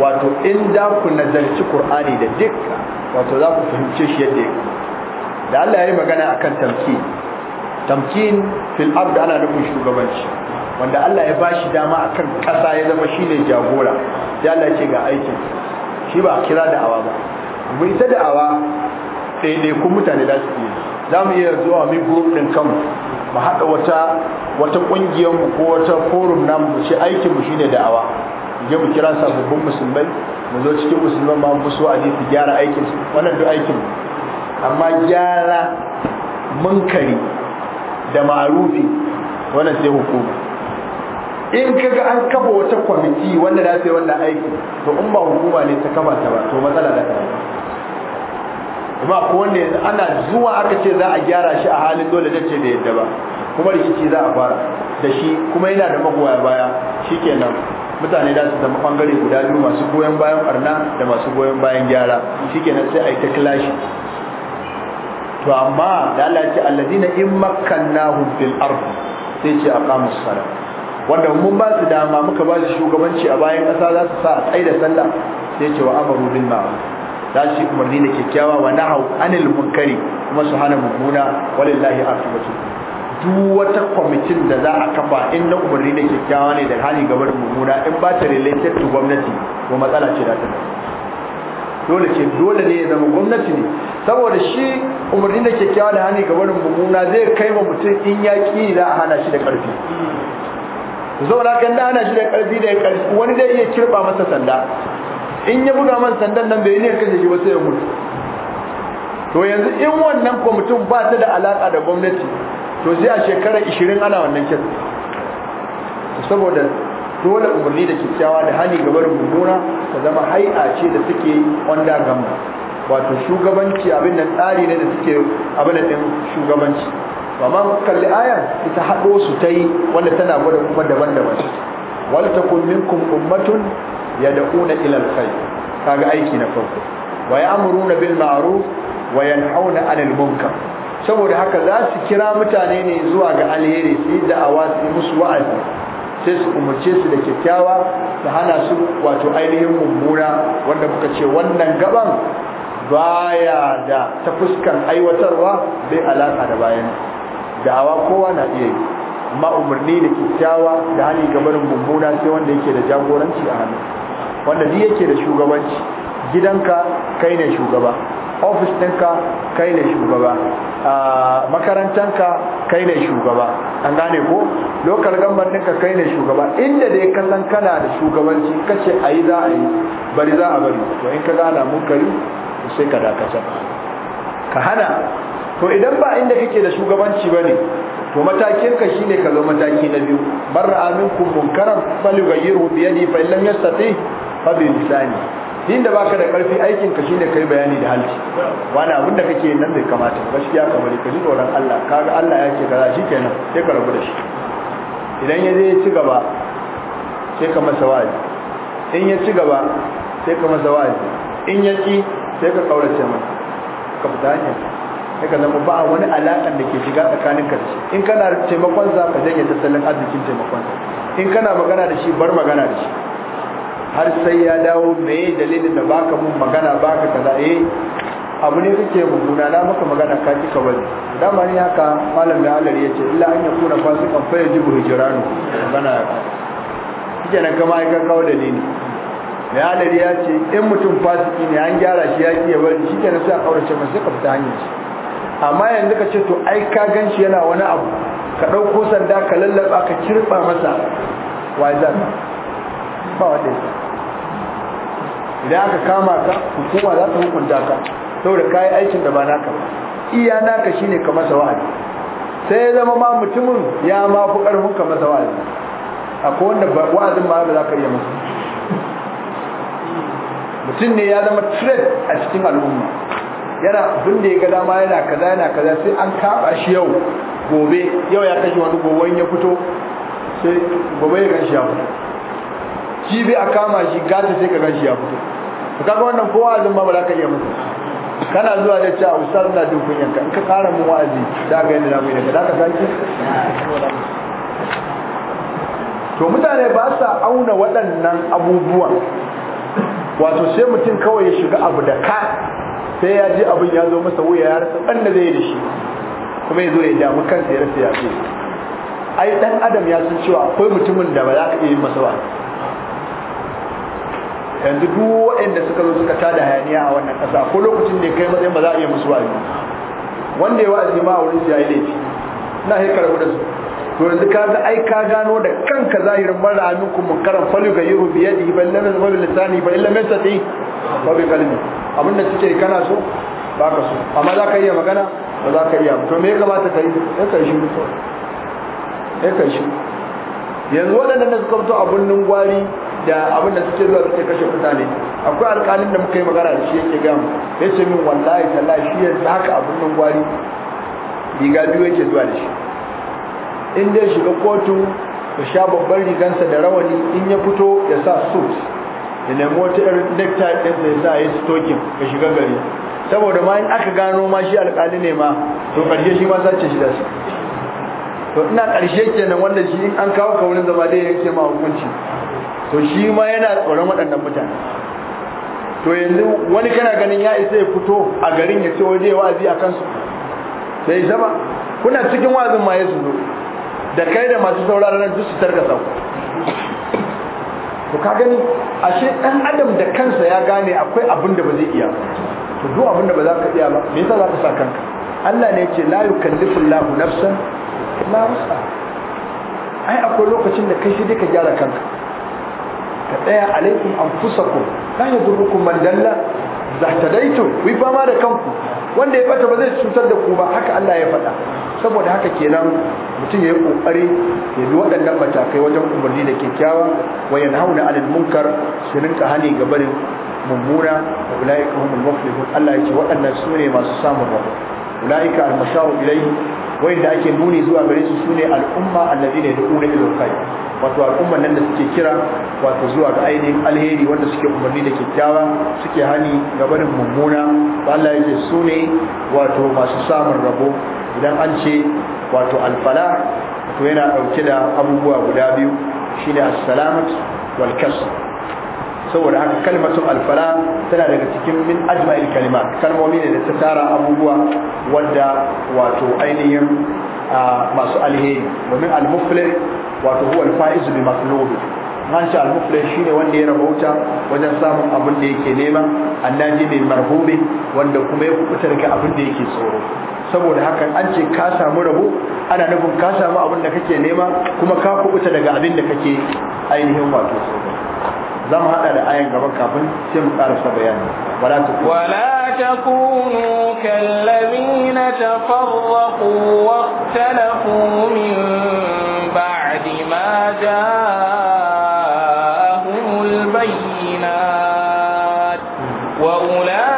wato inda da ku nazarci Qur'ani da dukka wato za ku fahimce shi yadda yake da Allah ya yi magana akan tamkin tamkin fil ard ana nufin shugabanci wanda Allah ya bashi dama akan kasa ya zama shine jagora sai Allah ya ce ga aikin shi ba kira da awa ba mu ita da awa dai ku mutane da su yi za mu iya zuwa mu group din kan mu haɗa wata wata ƙungiyar mu ko wata forum namu mu aikin mu shine da'awa je mu kira sababbin musulmai mu zo cikin musulman ma mu so a je su gyara aikin su wannan duk aikin amma gyara munkari da ma'arufi wannan sai hukuma in kaga an kafa wata kwamiti wanda za su yi wannan aiki to in ba hukuma ne ta kama ta ba to matsala da ta ba ko wanda ana zuwa aka ce za a gyara shi a halin dole da ce da yadda ba kuma rikici za a fara da shi kuma yana da magoya baya shi kenan mutane da su zama bangare guda biyu masu goyon bayan barna da masu goyon bayan gyara shikenan sai a yi ta kilashi to amma da Allah ce alladina in na fil ard sai ce aqamus salat wanda mun ba su dama muka ba su shugabanci a bayan kasa za su sa a tsaida sallah sai ce wa amaru bil ma'ruf za su yi umarni da kyakkyawa wa nahau anil munkari kuma su hana mummuna walillahi aqibatu duk wata kwamitin da za a kafa in na umarni da kyakkyawa ne da hali gabar mummuna in ba ta related to gwamnati ko matsala ce da ta dole ce dole ne ya zama gwamnati ne saboda shi umarni da kyakkyawa da hali gabar mummuna zai kai wa mutum in ya ki za a hana shi da karfi zauna kan da hana shi da karfi da karfi wani zai iya kirba masa sanda in ya buga man sandan nan bai ne kashe shi ba sai ya mutu to yanzu in wannan kwamitin ba ta da alaka da gwamnati to sai a shekarar 20 ana wannan kin saboda dole umarni da kyakkyawa da hali gabar mummuna ta zama hai'a ce da suke wanda gamba wato shugabanci abin da tsari ne da suke abin nan shugabanci ma kalli ayar ita haɗo su ta yi wanda tana gwada kuma daban-daban wal kunnin kumkummatun ya da ƙuna ilal kai, kaga aiki na farko wa na bil maro? wa yanhauna 'anil munkar saboda haka za su kira mutane ne zuwa ga alheri su yi da'awa su musu wa'azi sai su umarce su da kyakkyawa su hana su wato ainihin mummuna wanda muka ce wannan gaban baya da ta fuskan aiwatarwa bai alaka da bayan Da da'awa kowa na iya yi amma umarni da kyakkyawa da hali gabanin mummuna sai wanda yake da jagoranci a hannu wanda ni yake da shugabanci gidanka kai ne shugaba ofis ɗinka kai ne shugaba a makarantanka kai ne shugaba an gane ko lokal gamban ɗinka kai ne shugaba inda dai ka san kana da shugabanci ka ce a yi za a yi bari za a bari to in ka gana munkari sai ka dakata ka hana to idan ba inda kake da shugabanci ba ne to matakin ka shine ka zo mataki na biyu barra aminkum munkaran falyughayyiru bi yadi fa illam yastati fa bi lisani din da baka da karfi aikin ka shine kai bayani da halci wani abin da kake nan zai kamata gaskiya ka bari ka ji tsoron Allah kaga Allah ya ce kaza shikenan sai ka rabu da shi idan ya je ci gaba sai ka masa wa'azi in ya ci gaba sai ka masa wa'azi in ya ki sai ka kaurace masa ka fita ne sai ka zama ba wani alaƙan da ke shiga tsakanin ka in kana taimakon sa ka janye tattalin arzikin taimakon in kana magana da shi bar magana da shi har sai ya dawo me dalilin da baka mun magana baka kaza eh abu ne kake mummuna na maka magana ka ci kawai dama ni haka malam da halar ya ce illa an ya kuna kan fa yajibu hijranu bana kike nan kama ai ka kawo dalili Mai halar ya ce in mutum fasiki ne an gyara shi ya ki ya bari shi kenan sai a aurace masa ka fita hanyar shi amma yanzu ka ce to ai ka gan shi yana wani abu ka ɗauko sanda ka lallaba ka kirɓa masa wa za ba wanda ya idan aka kama ka hukuma za ta hukunta ka saboda kayi aikin da ba naka ba iya naka shine ka masa wa'azi sai ya zama ma mutumin ya ma fi karfin ka masa wa'azi akwai wanda wa'azin ma za ka iya masa mutum ne ya zama threat a cikin al'umma yana abin da ya ga dama yana kaza yana kaza sai an kaba shi yau gobe yau ya kashe wani gobe ya fito sai gobe ya gan ya fito jibi a kama shi gata sai ka shi ya fito ka kaga wannan kowa azin ma ba za ka iya masa kana zuwa da cewa ustaz na jin yanka in ka kara mun wa'azi da ga yadda namu yi daga ka saki to mutane ba sa auna waɗannan abubuwan wato sai mutum kawai ya shiga abu da ka sai ya ji abin ya zo masa wuya ya rasa ɗan da zai da shi kuma ya zo ya damu kansa ya rasa ya ai ɗan adam ya san cewa akwai mutumin da ba za ka iya yi masa ba yanzu duk waɗanda suka zo suka tada hayaniya a wannan ƙasa ko lokacin da kai matsayin ba za a iya musu wa'azi wanda ya wa'azi ma a wurin su yayi laifi na hekara rabu da su to yanzu ka ga ai ka gano da kanka zahirin mara aminku munkaran falu ga yiru biye da ibal lam yazma bil lisani ba illa min sati ba bi kalmi da kike kana so ba ka so amma za ka iya magana ba za ka iya to me ya kamata ka yi ya kai shi ya kai shi yanzu waɗannan da suka fito a birnin gwari da abin da suke zuwa suke kashe mutane akwai alƙalin da muka yi magana da shi yake gama. ya ce min wallahi tallahi shi yanzu haka abin nan gwari riga biyu yake zuwa da shi in dai shiga kotu ya sha babban rigansa da rawani in ya fito ya sa suit ya nemi wata irin necktie ɗin sai sa ya stokin ya shiga gari saboda ma in aka gano ma shi alƙali ne ma to ƙarshe shi ma sace shi da su to ina ƙarshe kenan wanda shi in an kawo ka wurin zama dai ya ce ma hukunci to shi ma yana tsoron waɗannan mutane to yanzu wani kana ganin ya isa ya fito a garin ya ce waje wa'azi a kansu sai isa ba kuna cikin wa'azin ma ya zo da kai da masu sauraron nan duk su tarka ku to ka gani ashe dan adam da kansa ya gane akwai abin da ba zai iya to duk abin da ba za ka iya ba me yasa za ka sa kanka Allah ne yake la yukallifu Allahu nafsan illa wus'aha ai akwai lokacin da kai shi duka ka gyara kanka ka tsaya alaikum anfusakum kan yadurrukum man dalla zahtadaitu ku fama da kanku wanda ya bata ba zai cutar da ku ba haka Allah ya faɗa saboda haka kenan mutum ya yi kokari ya bi waɗannan matakai wajen umarni da kyakkyawa wa hauna alin munkar su rinka hani ga barin mummuna wa ulaika humul muflihun Allah ya ce waɗannan su ne masu samun rabo ulaika al-masharu ilayhi wayanda ake nuni zuwa gare su sune al'umma alladhina yad'una ila al-khair wato al'umman nan da suke kira wato zuwa ga ainihin alheri wanda suke umarni da kyakkyawa suke hani ga barin mummuna Allah ce su ne wato masu samun rabo idan an ce wato alfala Wato yana dauke da abubuwa guda biyu shine as-salamat wal saboda haka kalmatu alfala tana daga cikin min ajma'il kalima. kalmomi ne da ta tara abubuwa wadda wato ainihin masu alheri domin al-muflih wato huwa al-faiz bi maqlubi man sha shine wanda ya wuta wajen samun abin da yake nema annaji bil marhubi wanda kuma ya kubuta daga abin da yake tsoro saboda haka an ce ka samu rabu, ana nufin ka samu abin da kake nema kuma ka kubuta daga abin da kake ainihin wato tsoro za mu haɗa da ayan gaban kafin sai mu ƙarasa bayani wala ta wala ta kunu kallabina tafarraqu wa ikhtalafu min جاءهم البينات وأولئك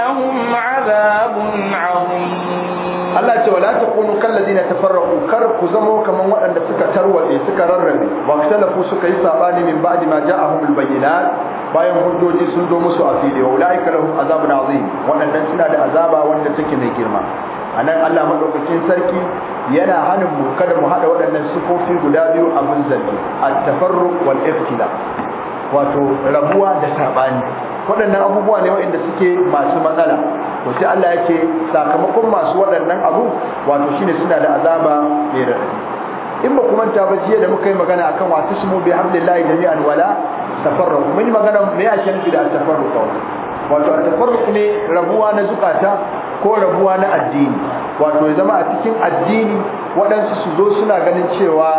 لهم عذاب عظيم الله تعالى ولا تكونوا كالذين تفرقوا كركوا زموا كما وأن سكا تروى سكا ررمي واختلفوا سكا يصابان من بعد ما جاءهم البينات bayan hujjoji sun zo musu a fili wa ula'ika lahum azabun azim waɗannan suna da azaba wanda take mai girma a nan Allah madaukakin sarki yana hannun mu kada mu haɗa waɗannan sifofi guda biyu a mun zargi at-tafarruq wal iftila wato rabuwa da sabani waɗannan abubuwa ne waɗanda suke masu matsala to sai Allah yake sakamakon masu waɗannan abu wato shine suna da azaba mai raɗaɗi in ba kuma ta ba jiya da muka yi magana akan wa tasmu bi hamdillahi jami'an wala tafarruq mun yi magana me ake nufi da tafarruq wato tafarruq ne rabuwa na zukata ko rabuwa na addini wato ya zama a cikin addini waɗansu su zo suna ganin cewa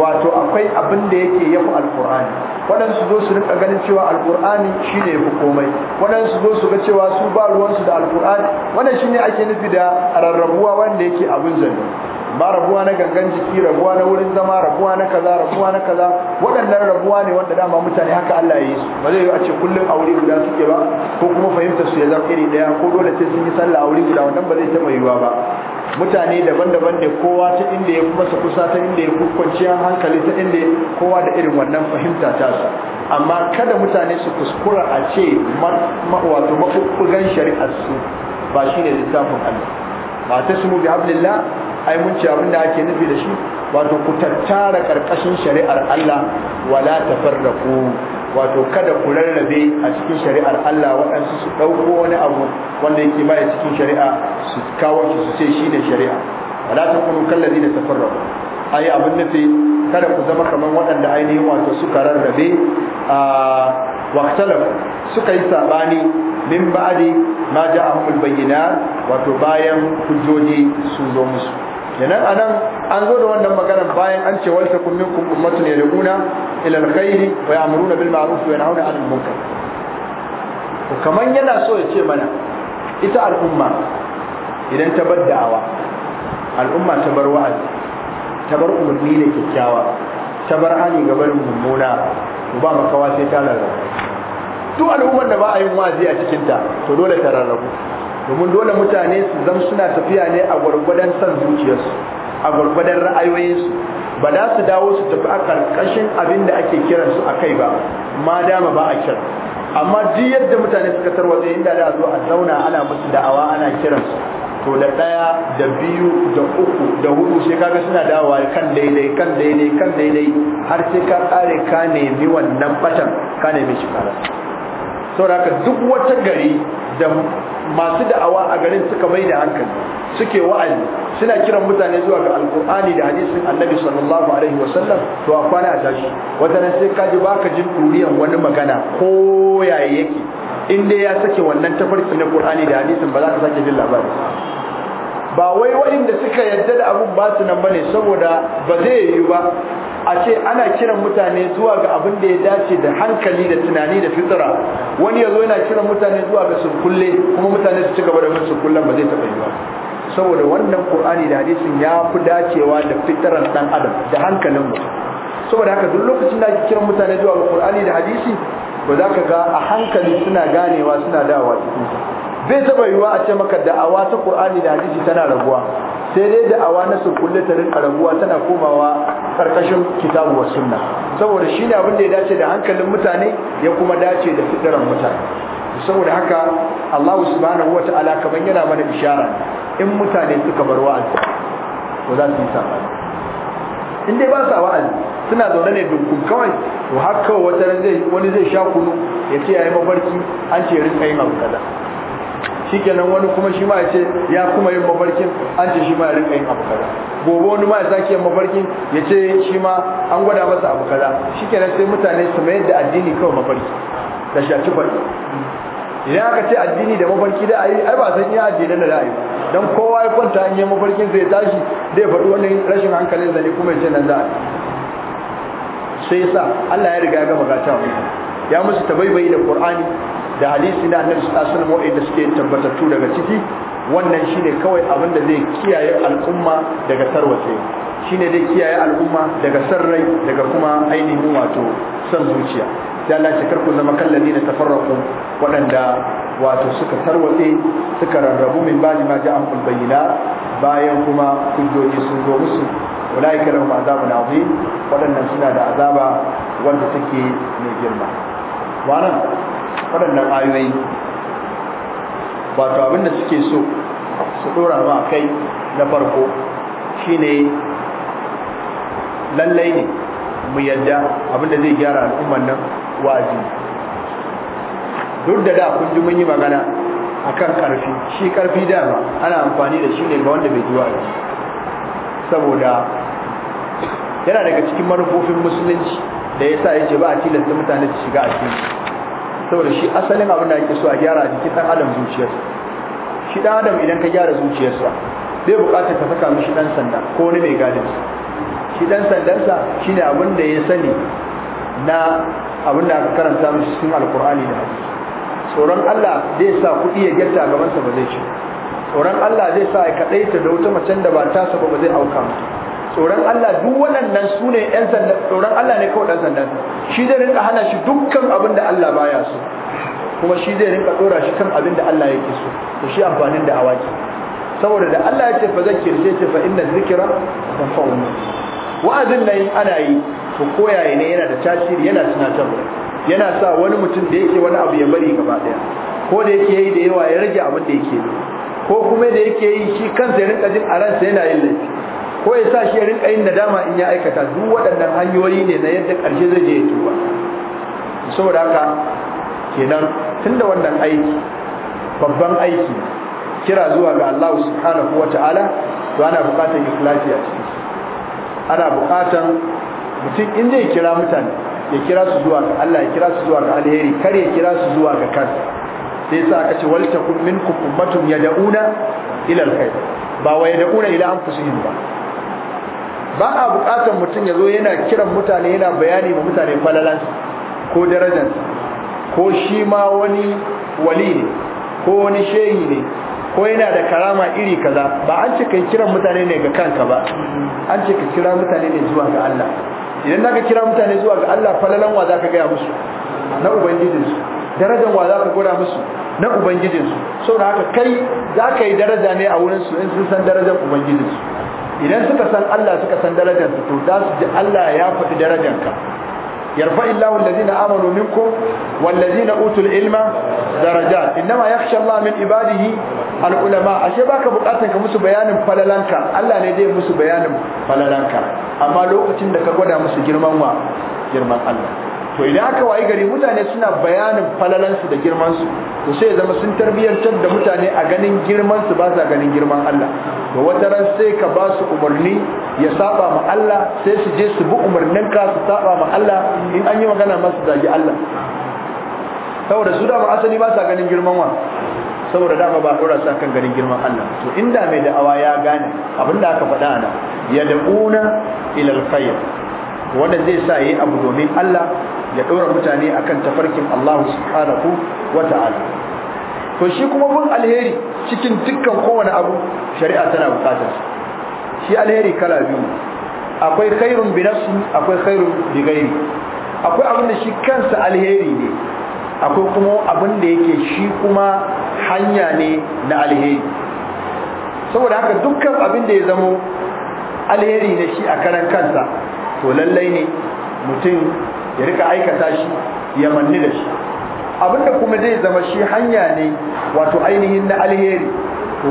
wato akwai abin da yake yafi alkur'ani waɗansu zo su rika ganin cewa alkur'ani shine yafi komai waɗansu zo su ga cewa su ba ruwansu da alkur'ani wannan shine ake nufi da rarrabuwa wanda yake abin zanen ba rabuwa na gangan jiki rabuwa na wurin zama rabuwa na kaza rabuwa na kaza waɗannan rabuwa ne wanda dama mutane haka Allah ya yi su ba zai yi a ce kullum a aure guda suke ba ko kuma fahimta su ya zama iri ɗaya ko dole sai sun yi sallah a wuri guda wannan ba zai taɓa yiwuwa ba mutane daban-daban ne kowa ta inda ya kuma kusa ta inda ya kwanciyar hankali ta inda kowa da irin wannan fahimta ta su amma kada mutane su kuskura a ce wato mafukugan shari'ar su ba shine littafin Allah ba ta mu bi abdullahi ai mun ce abin da ake nufi da shi wato ku tattara karkashin shari'ar Allah wala tafarraqu wato kada ku rarrabe a cikin shari'ar Allah waɗansu su ɗauko wani abu wanda yake baya cikin shari'a su kawo shi su ce shi ne shari'a wala takunu kallazi da tafarraqu ai abin nufi kada ku zama kamar waɗanda ainihin wato suka rarrabe a waktalaf suka yi sabani min ba'di ma ja'ahumul bayyinat wato bayan hujjoji sun zo musu kenan anan an zo da wannan maganar bayan an ce walta kun minkum ummatun yad'una ila alkhairi wa ya'muruna bil ma'ruf wa yanhauna 'anil munkar to kaman yana so ya ce mana ita al'umma idan ta bar da'awa al'umma ta bar wa'azi ta bar umarni da kyakkyawa ta bar hani ga barin mummuna to ba makawa sai ta lalace duk al'ummar da ba a yin wa'azi a cikinta to dole ta rarrabu domin dole mutane su zama suna tafiya ne a gwargwadon san zuciyarsu a gwargwadon ra'ayoyinsu ba za su dawo su tafi a karkashin abin da ake kiransu a kai ba ma dama ba a kira amma duk yadda mutane suka tarwatsa inda da zo a zauna ana musu da'awa ana kiransu to da ɗaya da biyu da uku da hudu sai kaga suna dawowa kan daidai kan daidai kan daidai har sai ka kare ka nemi wannan batan ka nemi shi kara saboda duk wata gari da masu da'awa a garin suka mai da hankali suke wa'azi suna kiran mutane zuwa ga alkur'ani da hadisin annabi sallallahu alaihi wasallam to a kwana a tashi wata nan sai kaji baka jin duriyan wani magana ko yaya yake inda ya sake wannan tafarki na qur'ani da hadisin ba za ka sake jin labarin. ba wai waɗanda suka yadda da abun ba su nan bane saboda ba zai yiwu ba a ce ana kiran mutane zuwa ga abin da ya dace da hankali da tunani da fitura. wani yazo yana kiran mutane zuwa ga kulle kuma mutane su ci da su kullen ba zai taɓa yi ba saboda wannan qur'ani da hadisin ya fi dacewa da fitaran dan adam da hankalin mu saboda haka duk lokacin da ake kiran mutane zuwa ga qur'ani da hadisi ba za ka ga a hankali suna ganewa suna dawowa cikin bai taba yiwa a ce maka da'awa ta Qur'ani da hadisi tana raguwa sai dai da'awa na surkulle ta rinka raguwa tana komawa karkashin kitabu wa sunna saboda shi ne abin da ya dace da hankalin mutane ya kuma dace da fitaran mutane saboda haka Allah subhanahu wata'ala kaman yana mana ishara in mutane suka bar wa'azi ko za su yi sabani in dai ba sa wa'azi suna zaune ne dukkan kawai to har kawai wani zai sha kunu ya ce yayi mafarki an ce rinka yin abu kaza shikenan wani kuma shi ma ya ce ya kuma yin mafarkin an ce shi ma ya rinka yin abu kaza gobe wani ma ya sake yin mafarkin ya ce shi ma an gwada masa abu kaza shikenan sai mutane su mayar da addini kawai mafarki da shaci farki idan aka ce addini da mafarki da ayi ai ba san iya addini da ra'ayi dan kowa ya kwanta an yi mafarkin sai tashi zai faɗi wannan rashin hankalin da ne kuma ya ce nan za a sai sa Allah ya riga ya gama gata ya musu tabaibai da Qur'ani da hadisi na annabi sallallahu alaihi wasallam da suke tabbatattu daga ciki wannan shine kawai abin da zai kiyaye al'umma daga tarwace shine zai kiyaye al'umma daga sarrai daga kuma ainihin wato san zuciya da Allah ya karku zama kallazi na tafarraqu waɗanda wato suka tarwatse suka rarrabu min ba'di ma ja'a al bayyina bayan kuma kujoji sun zo musu ulaika ma azabu azim waɗannan suna da azaba wanda take mai girma wannan waɗannan ayoyi ba abin da suke so su ɗora ma kai na farko shine lallai ne mu yadda abin da zai gyara al'ummar nan wazi duk da da kun ji mun yi magana akan karfi shi karfi dama ana amfani da shi ne ga wanda bai ji wa'azi saboda yana daga cikin manufofin musulunci da ya yasa yake ba a tilasta mutane su shiga a cikin saboda shi asalin abin da ake so a gyara jikin dan adam zuciyarsa shi dan adam idan ka gyara zuciyarsa bai bukatar ka saka mishi dan sanda ko wani mai gadin shi dan sandarsa ne abin da ya sani na abin da aka karanta mishi cikin alkur'ani da hadisi tsoron Allah zai sa kuɗi ya gyarta gaban sa ba zai ci tsoron Allah zai sa ya kadaita da wata macen da ba ta ba zai auka mata tsoron Allah duk waɗannan su ne ƴan sanda tsoron Allah ne kawai ɗan sanda shi zai rinka hana shi dukkan abin da Allah baya so kuma shi zai rinka ɗora shi kan abin da Allah yake so to shi amfanin da awaki saboda da Allah ya ce fa zakir sai ce fa inna zikra tanfa'u wa'azin nan ana yi to koyaye ne yana da tasiri yana tunatarwa yana sa wani mutum da yake wani abu ya bari gaba daya ko da yake yi da yawa ya rage abin da yake yi ko kuma da yake yi shi kansa ya rinka jin a ransa yana yin laifi ko ya sa shi ya rinka yin nadama in ya aikata duk waɗannan hanyoyi ne na yadda ƙarshe zai je ya tuba saboda haka kenan da wannan aiki babban aiki kira zuwa ga Allah subhanahu wata'ala to ana buƙatar ikhlasi a ciki ana buƙatar mutum in zai kira mutane ya kira su zuwa ga Allah ya kira su zuwa ga alheri kar ya kira su zuwa ga kan sai sa aka ce wal takum minkum ummatun yad'una ila alkhair ba wa yad'una ila anfusihim ba ba a bukatar mutum ya zo yana kiran mutane yana bayani ma mutane falalansa ko darajarsa ko shi ma wani wali ne ko wani shehi ne ko yana da karama iri kaza ba an ce kai kiran mutane ne ga kanka ba an ce ka kira mutane ne zuwa ga Allah idan naka kira mutane zuwa ga Allah falalan wa zaka gaya musu na su darajar wa zaka gura musu na su saboda haka kai zaka yi daraja ne a wurin su in sun san darajar su idan suka san Allah suka san darajarsa to za su ji Allah ya faɗi darajarka yarfa illahu allazina amanu minkum wallazina utul ilma darajat inma yakhsha Allah min ibadihi al ashe baka bukatan ka musu bayanin falalanka Allah ne zai musu bayanin falalanka amma lokacin da ka gwada musu girman wa girman Allah to idan aka wayi gari mutane suna bayanin falalansu da girman su to sai zama sun tarbiyyantar da mutane a ganin girman su ba sa ganin girman Allah to wata ran sai ka ba su umarni ya saba ma Allah sai su je su bi umarnin ka su saba ma Allah in an yi magana su zagi Allah saboda su dama asali ba sa ganin girman wa saboda dama ba dora sa kan ganin girman Allah to inda mai da'awa ya gane da aka faɗa ana ya da'una ila alkhair wanda zai sa yi abu domin Allah ya ɗora mutane akan tafarkin Allah subhanahu wa ta'ala to shi kuma bin alheri cikin dukkan kowane abu shari'a tana bukatar shi alheri kala biyu akwai khairun bi nafsi akwai khairun bi ghairi akwai abin da shi kansa alheri ne akwai kuma abin da yake shi kuma hanya ne na alheri saboda haka dukkan abin da ya zamo alheri ne shi a karan kansa to lallai ne mutum ya rika aikata shi ya manni da shi abinda kuma zai zama shi hanya ne wato ainihin na alheri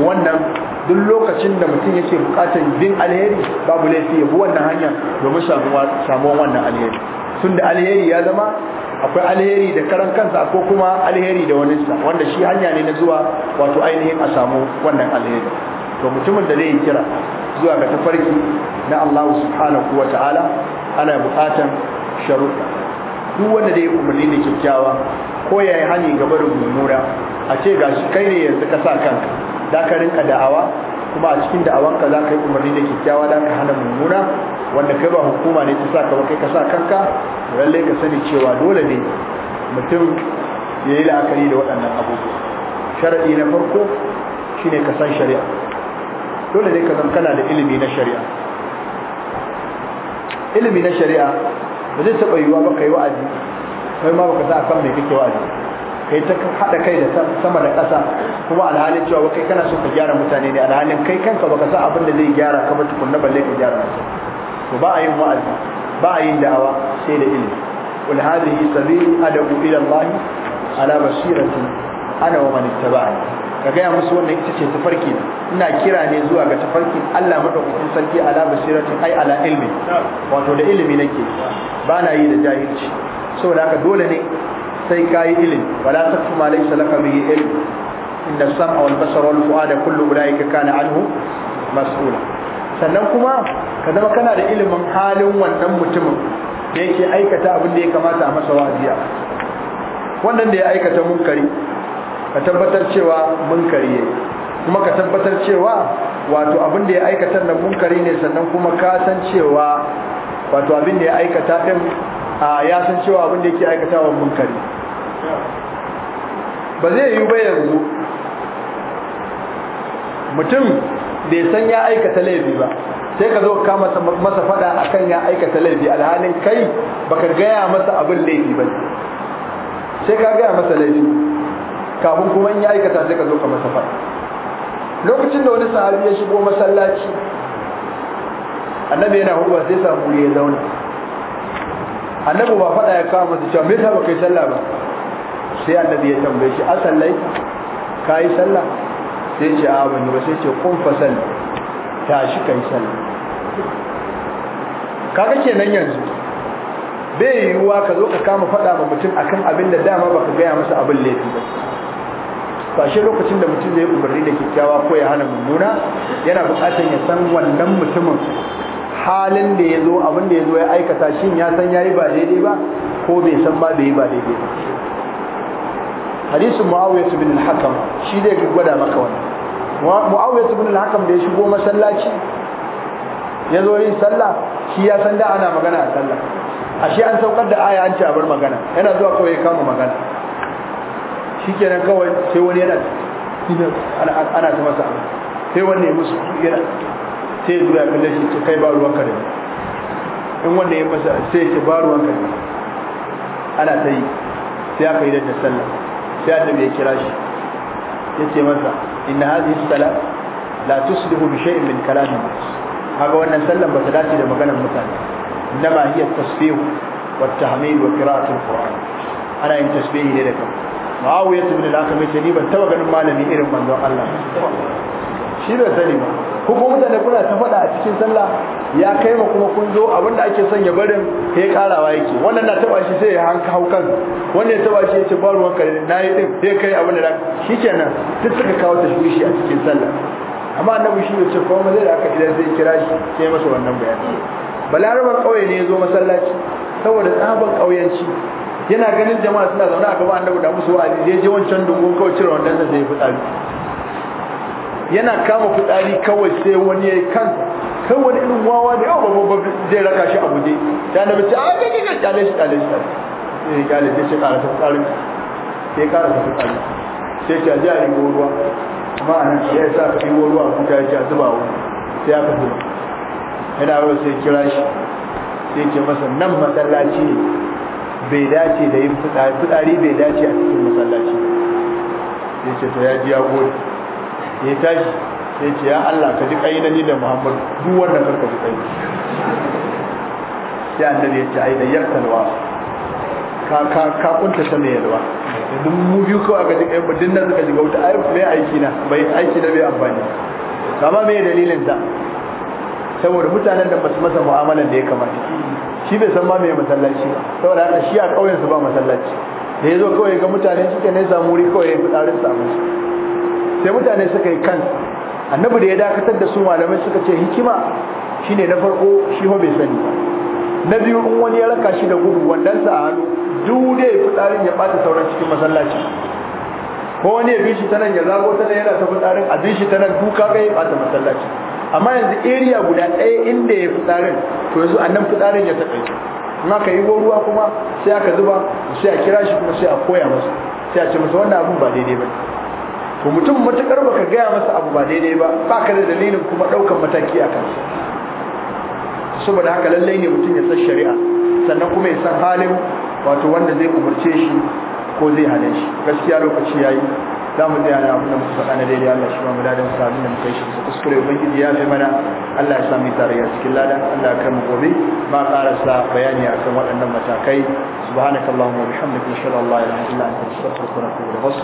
wannan duk lokacin da mutum yake bukatar bin alheri babu laifi ya bi wannan hanya domin samuwan wannan alheri Tunda da alheri ya zama akwai alheri da karan kansa ko kuma alheri da sa wanda shi hanya ne na zuwa wato ainihin a samu wannan alheri to mutumin da zai kira zuwa ga tafarki na Allah subhanahu wa ta'ala ana bukatan sharuɗa duk wanda da ya umarni da kyakkyawa ko ya yi hani gaba da mummuna a ce gashi kai ne yanzu ka sa kanka za ka rinka da'awa kuma a cikin da'awanka za ka yi umarni da kyakkyawa da ka hana mummuna wanda kai ba hukuma ne ta sa ka kai ka sa kanka lallai ka sani cewa dole ne mutum ya yi la'akari da waɗannan abubuwa sharaɗi na farko shine ka san shari'a dole ne ka zan kana da ilimi na shari'a ilimi na shari'a ba zai taɓa yiwuwa ba kai wa'azi kai ma baka sa akan mai kake wa'azi kai ta haɗa kai da sama da ƙasa kuma alhalin cewa ba kai kana so ka gyara mutane ne alhalin kai kanka baka sa abin da zai gyara ka ba tukunna balle ka gyara mutane to ba a yin wa'azi ba a yin da'awa sai da ilimi قل هذه adabu أدعو إلى ala على بصيرة أنا ومن اتبعني ka gaya musu wannan ita ce tafarki ina kira ne zuwa ga tafarki Allah madaukakin sarki ala basirati ai ala ilmi wato da ilimi nake ba na yi da jahilci saboda haka dole ne sai ka yi ilimi wala taqfu ma laysa laka bihi ilm inna sam'a wal basara wal fu'ada kullu ulaika kana anhu mas'ula sannan kuma ka zama kana da ilimin halin wannan mutumin da yake aikata abin da ya kamata a masa wajiya wannan da ya aikata munkari ka tabbatar cewa munkari ne, kuma ka tabbatar cewa wato abin da ya aikata nan munkari ne sannan kuma ka san cewa wato abin da ya aikata din ya san cewa abin da yake aikatawa munkari ba zai yi ba yanzu mutum bai san ya aikata laifi ba sai ka zo ka masa fada akan ya aikata laifi alhalin kai baka gaya masa abin laifi ba sai ka gaya masa laifi kafin kuma in ya aikata sai ka zo ka masa fara lokacin da wani sahabi ya shigo masallaci annabi yana hukuma sai samu wuri ya zauna annabi ba faɗa ya kama masa cewa me yasa baka yi sallah ba sai annabi ya tambaye shi asallai ka yi sallah sai ce a ban ba sai ce kun fasal tashi kai sallah kaga kenan yanzu bai yiwuwa ka zo ka kama faɗa ma mutum akan abin da dama baka gaya masa abin laifi ba to lokacin da mutum zai umarni da kyakkyawa ko ya hana mummuna yana bukatar ya san wannan mutumin halin da ya zo abin da ya zo ya aikata shin ya san ya yi ba daidai ba ko bai san ba bai yi ba daidai ba hadisin mu'awiyah bin al-hakam shi zai gwada maka wani. mu'awiyah bin al-hakam da ya shigo masallaci ya zo yin sallah shi ya san da ana magana a sallah ashe an saukar da aya an ci abar magana yana zuwa kawai ya kama magana shikenan kawai sai wani yana ana ta masa sai wanda ya musu yana sai ya zuwa kalle shi ta kai ba ruwan kare in wanda ya masa sai ya ce ba ruwan kare ana ta yi sai aka yi da sallah sai annabi ya kira shi ya ce masa inna hadhihi salat la tuslihu bi shay'in min kalamin haka wannan sallan ba ta dace da maganar mutane inma hiya tasbihu wa tahmid wa qira'atul qur'an ana yin tasbihi ne da kan ma'awiyar su ne da mace ni ban taba ganin malami irin manzon Allah shi bai sani ba kuma mutane kuna ta faɗa a cikin sallah ya kai ma kuma kun zo abin da ake son ya barin ya karawa yake wannan na taba shi sai ya hanka hau wannan ya taba shi ya ce ba ruwan kare na yi din sai kai abin da shi kenan duk suka kawo ta shi a cikin sallah amma annabi shi bai ce ko ma zai da aka idan zai kira shi sai ya masa wannan bayani balarabar kauye ne ya zo masallaci saboda tsaban kauyanci yana ganin jama'a suna zaune a gaban annabi da musu wa'azi zai je wancan dungun kawai cire wannan zai zai fitsari yana kama fitsari kawai sai wani yayi kansa kai wani irin wawa da yawa babban zai raka shi a guje da annabi ce a kai kai kyale shi kyale shi eh, sai kyale sai shi kara ta fitsari sai kara ta fitsari sai ta ji a rigo ruwa amma a nan ya sa ka rigo ruwa a kuta ya ce a zuba wani sai aka zuba yana ruwa sai kira shi sai ke masa nan masallaci ne bai dace da yin fitsari fitsari bai dace a cikin masallaci ya ce to ya ji ya gode ya tashi ya ce ya Allah ka ji kai na ni da Muhammad duk wanda karka ji kai sai annabi ya ce ai da yakalwa ka ka ka kunta ta mai yalwa duk mu biyu kawai ka ji kai ba dinnan suka ji gauta ai mai aiki na bai aiki da bai amfani kama mai dalilin ta saboda mutanen da ba su masa mu'amalan da ya kamata shi bai san ma mai masallaci ba saboda haka shi a ƙauyensu ba masallaci da ya zo kawai ga mutane suke ne samu wuri kawai ya fitsarin samu sai mutane suka yi kansa. annabi da ya dakatar da su malamai suka ce hikima shine na farko shi ho bai sani na biyu in wani ya raka shi da gudu wandansa a hannu duk dai fitsarin ya ɓata sauran cikin masallaci ko wani ya bi shi ta ya zago ta yana ta fitsarin a bi shi ta duka kai ya ɓata masallaci amma yanzu area guda ɗaya inda ya fitsarin to yanzu annan fitsarin ya taɓa yi Kuma ka yi ruwa kuma sai aka zuba sai a kira shi kuma sai a koya masa sai a ce masa wannan abun ba daidai ba to mutum matukar baka gaya masa abu ba daidai ba ba ka da dalilin kuma ɗaukan mataki a kansa saboda haka lallai ne mutum ya san shari'a sannan kuma ya san halin wato wanda zai umarce shi ko zai hane shi gaskiya lokaci ya yi. za mu tsaya na abin da muka faɗa na daidai Allah shi ba mu ladan sa abin da muka yi shi muka kuskure ubangiji ya fi mana Allah ya sa mu tarayya cikin ladan Allah kai mu gobe ba karasa bayani akan waɗannan matakai subhanakallahumma wa bihamdika inshallah la ilaha illa anta astaghfiruka wa atubu ilaik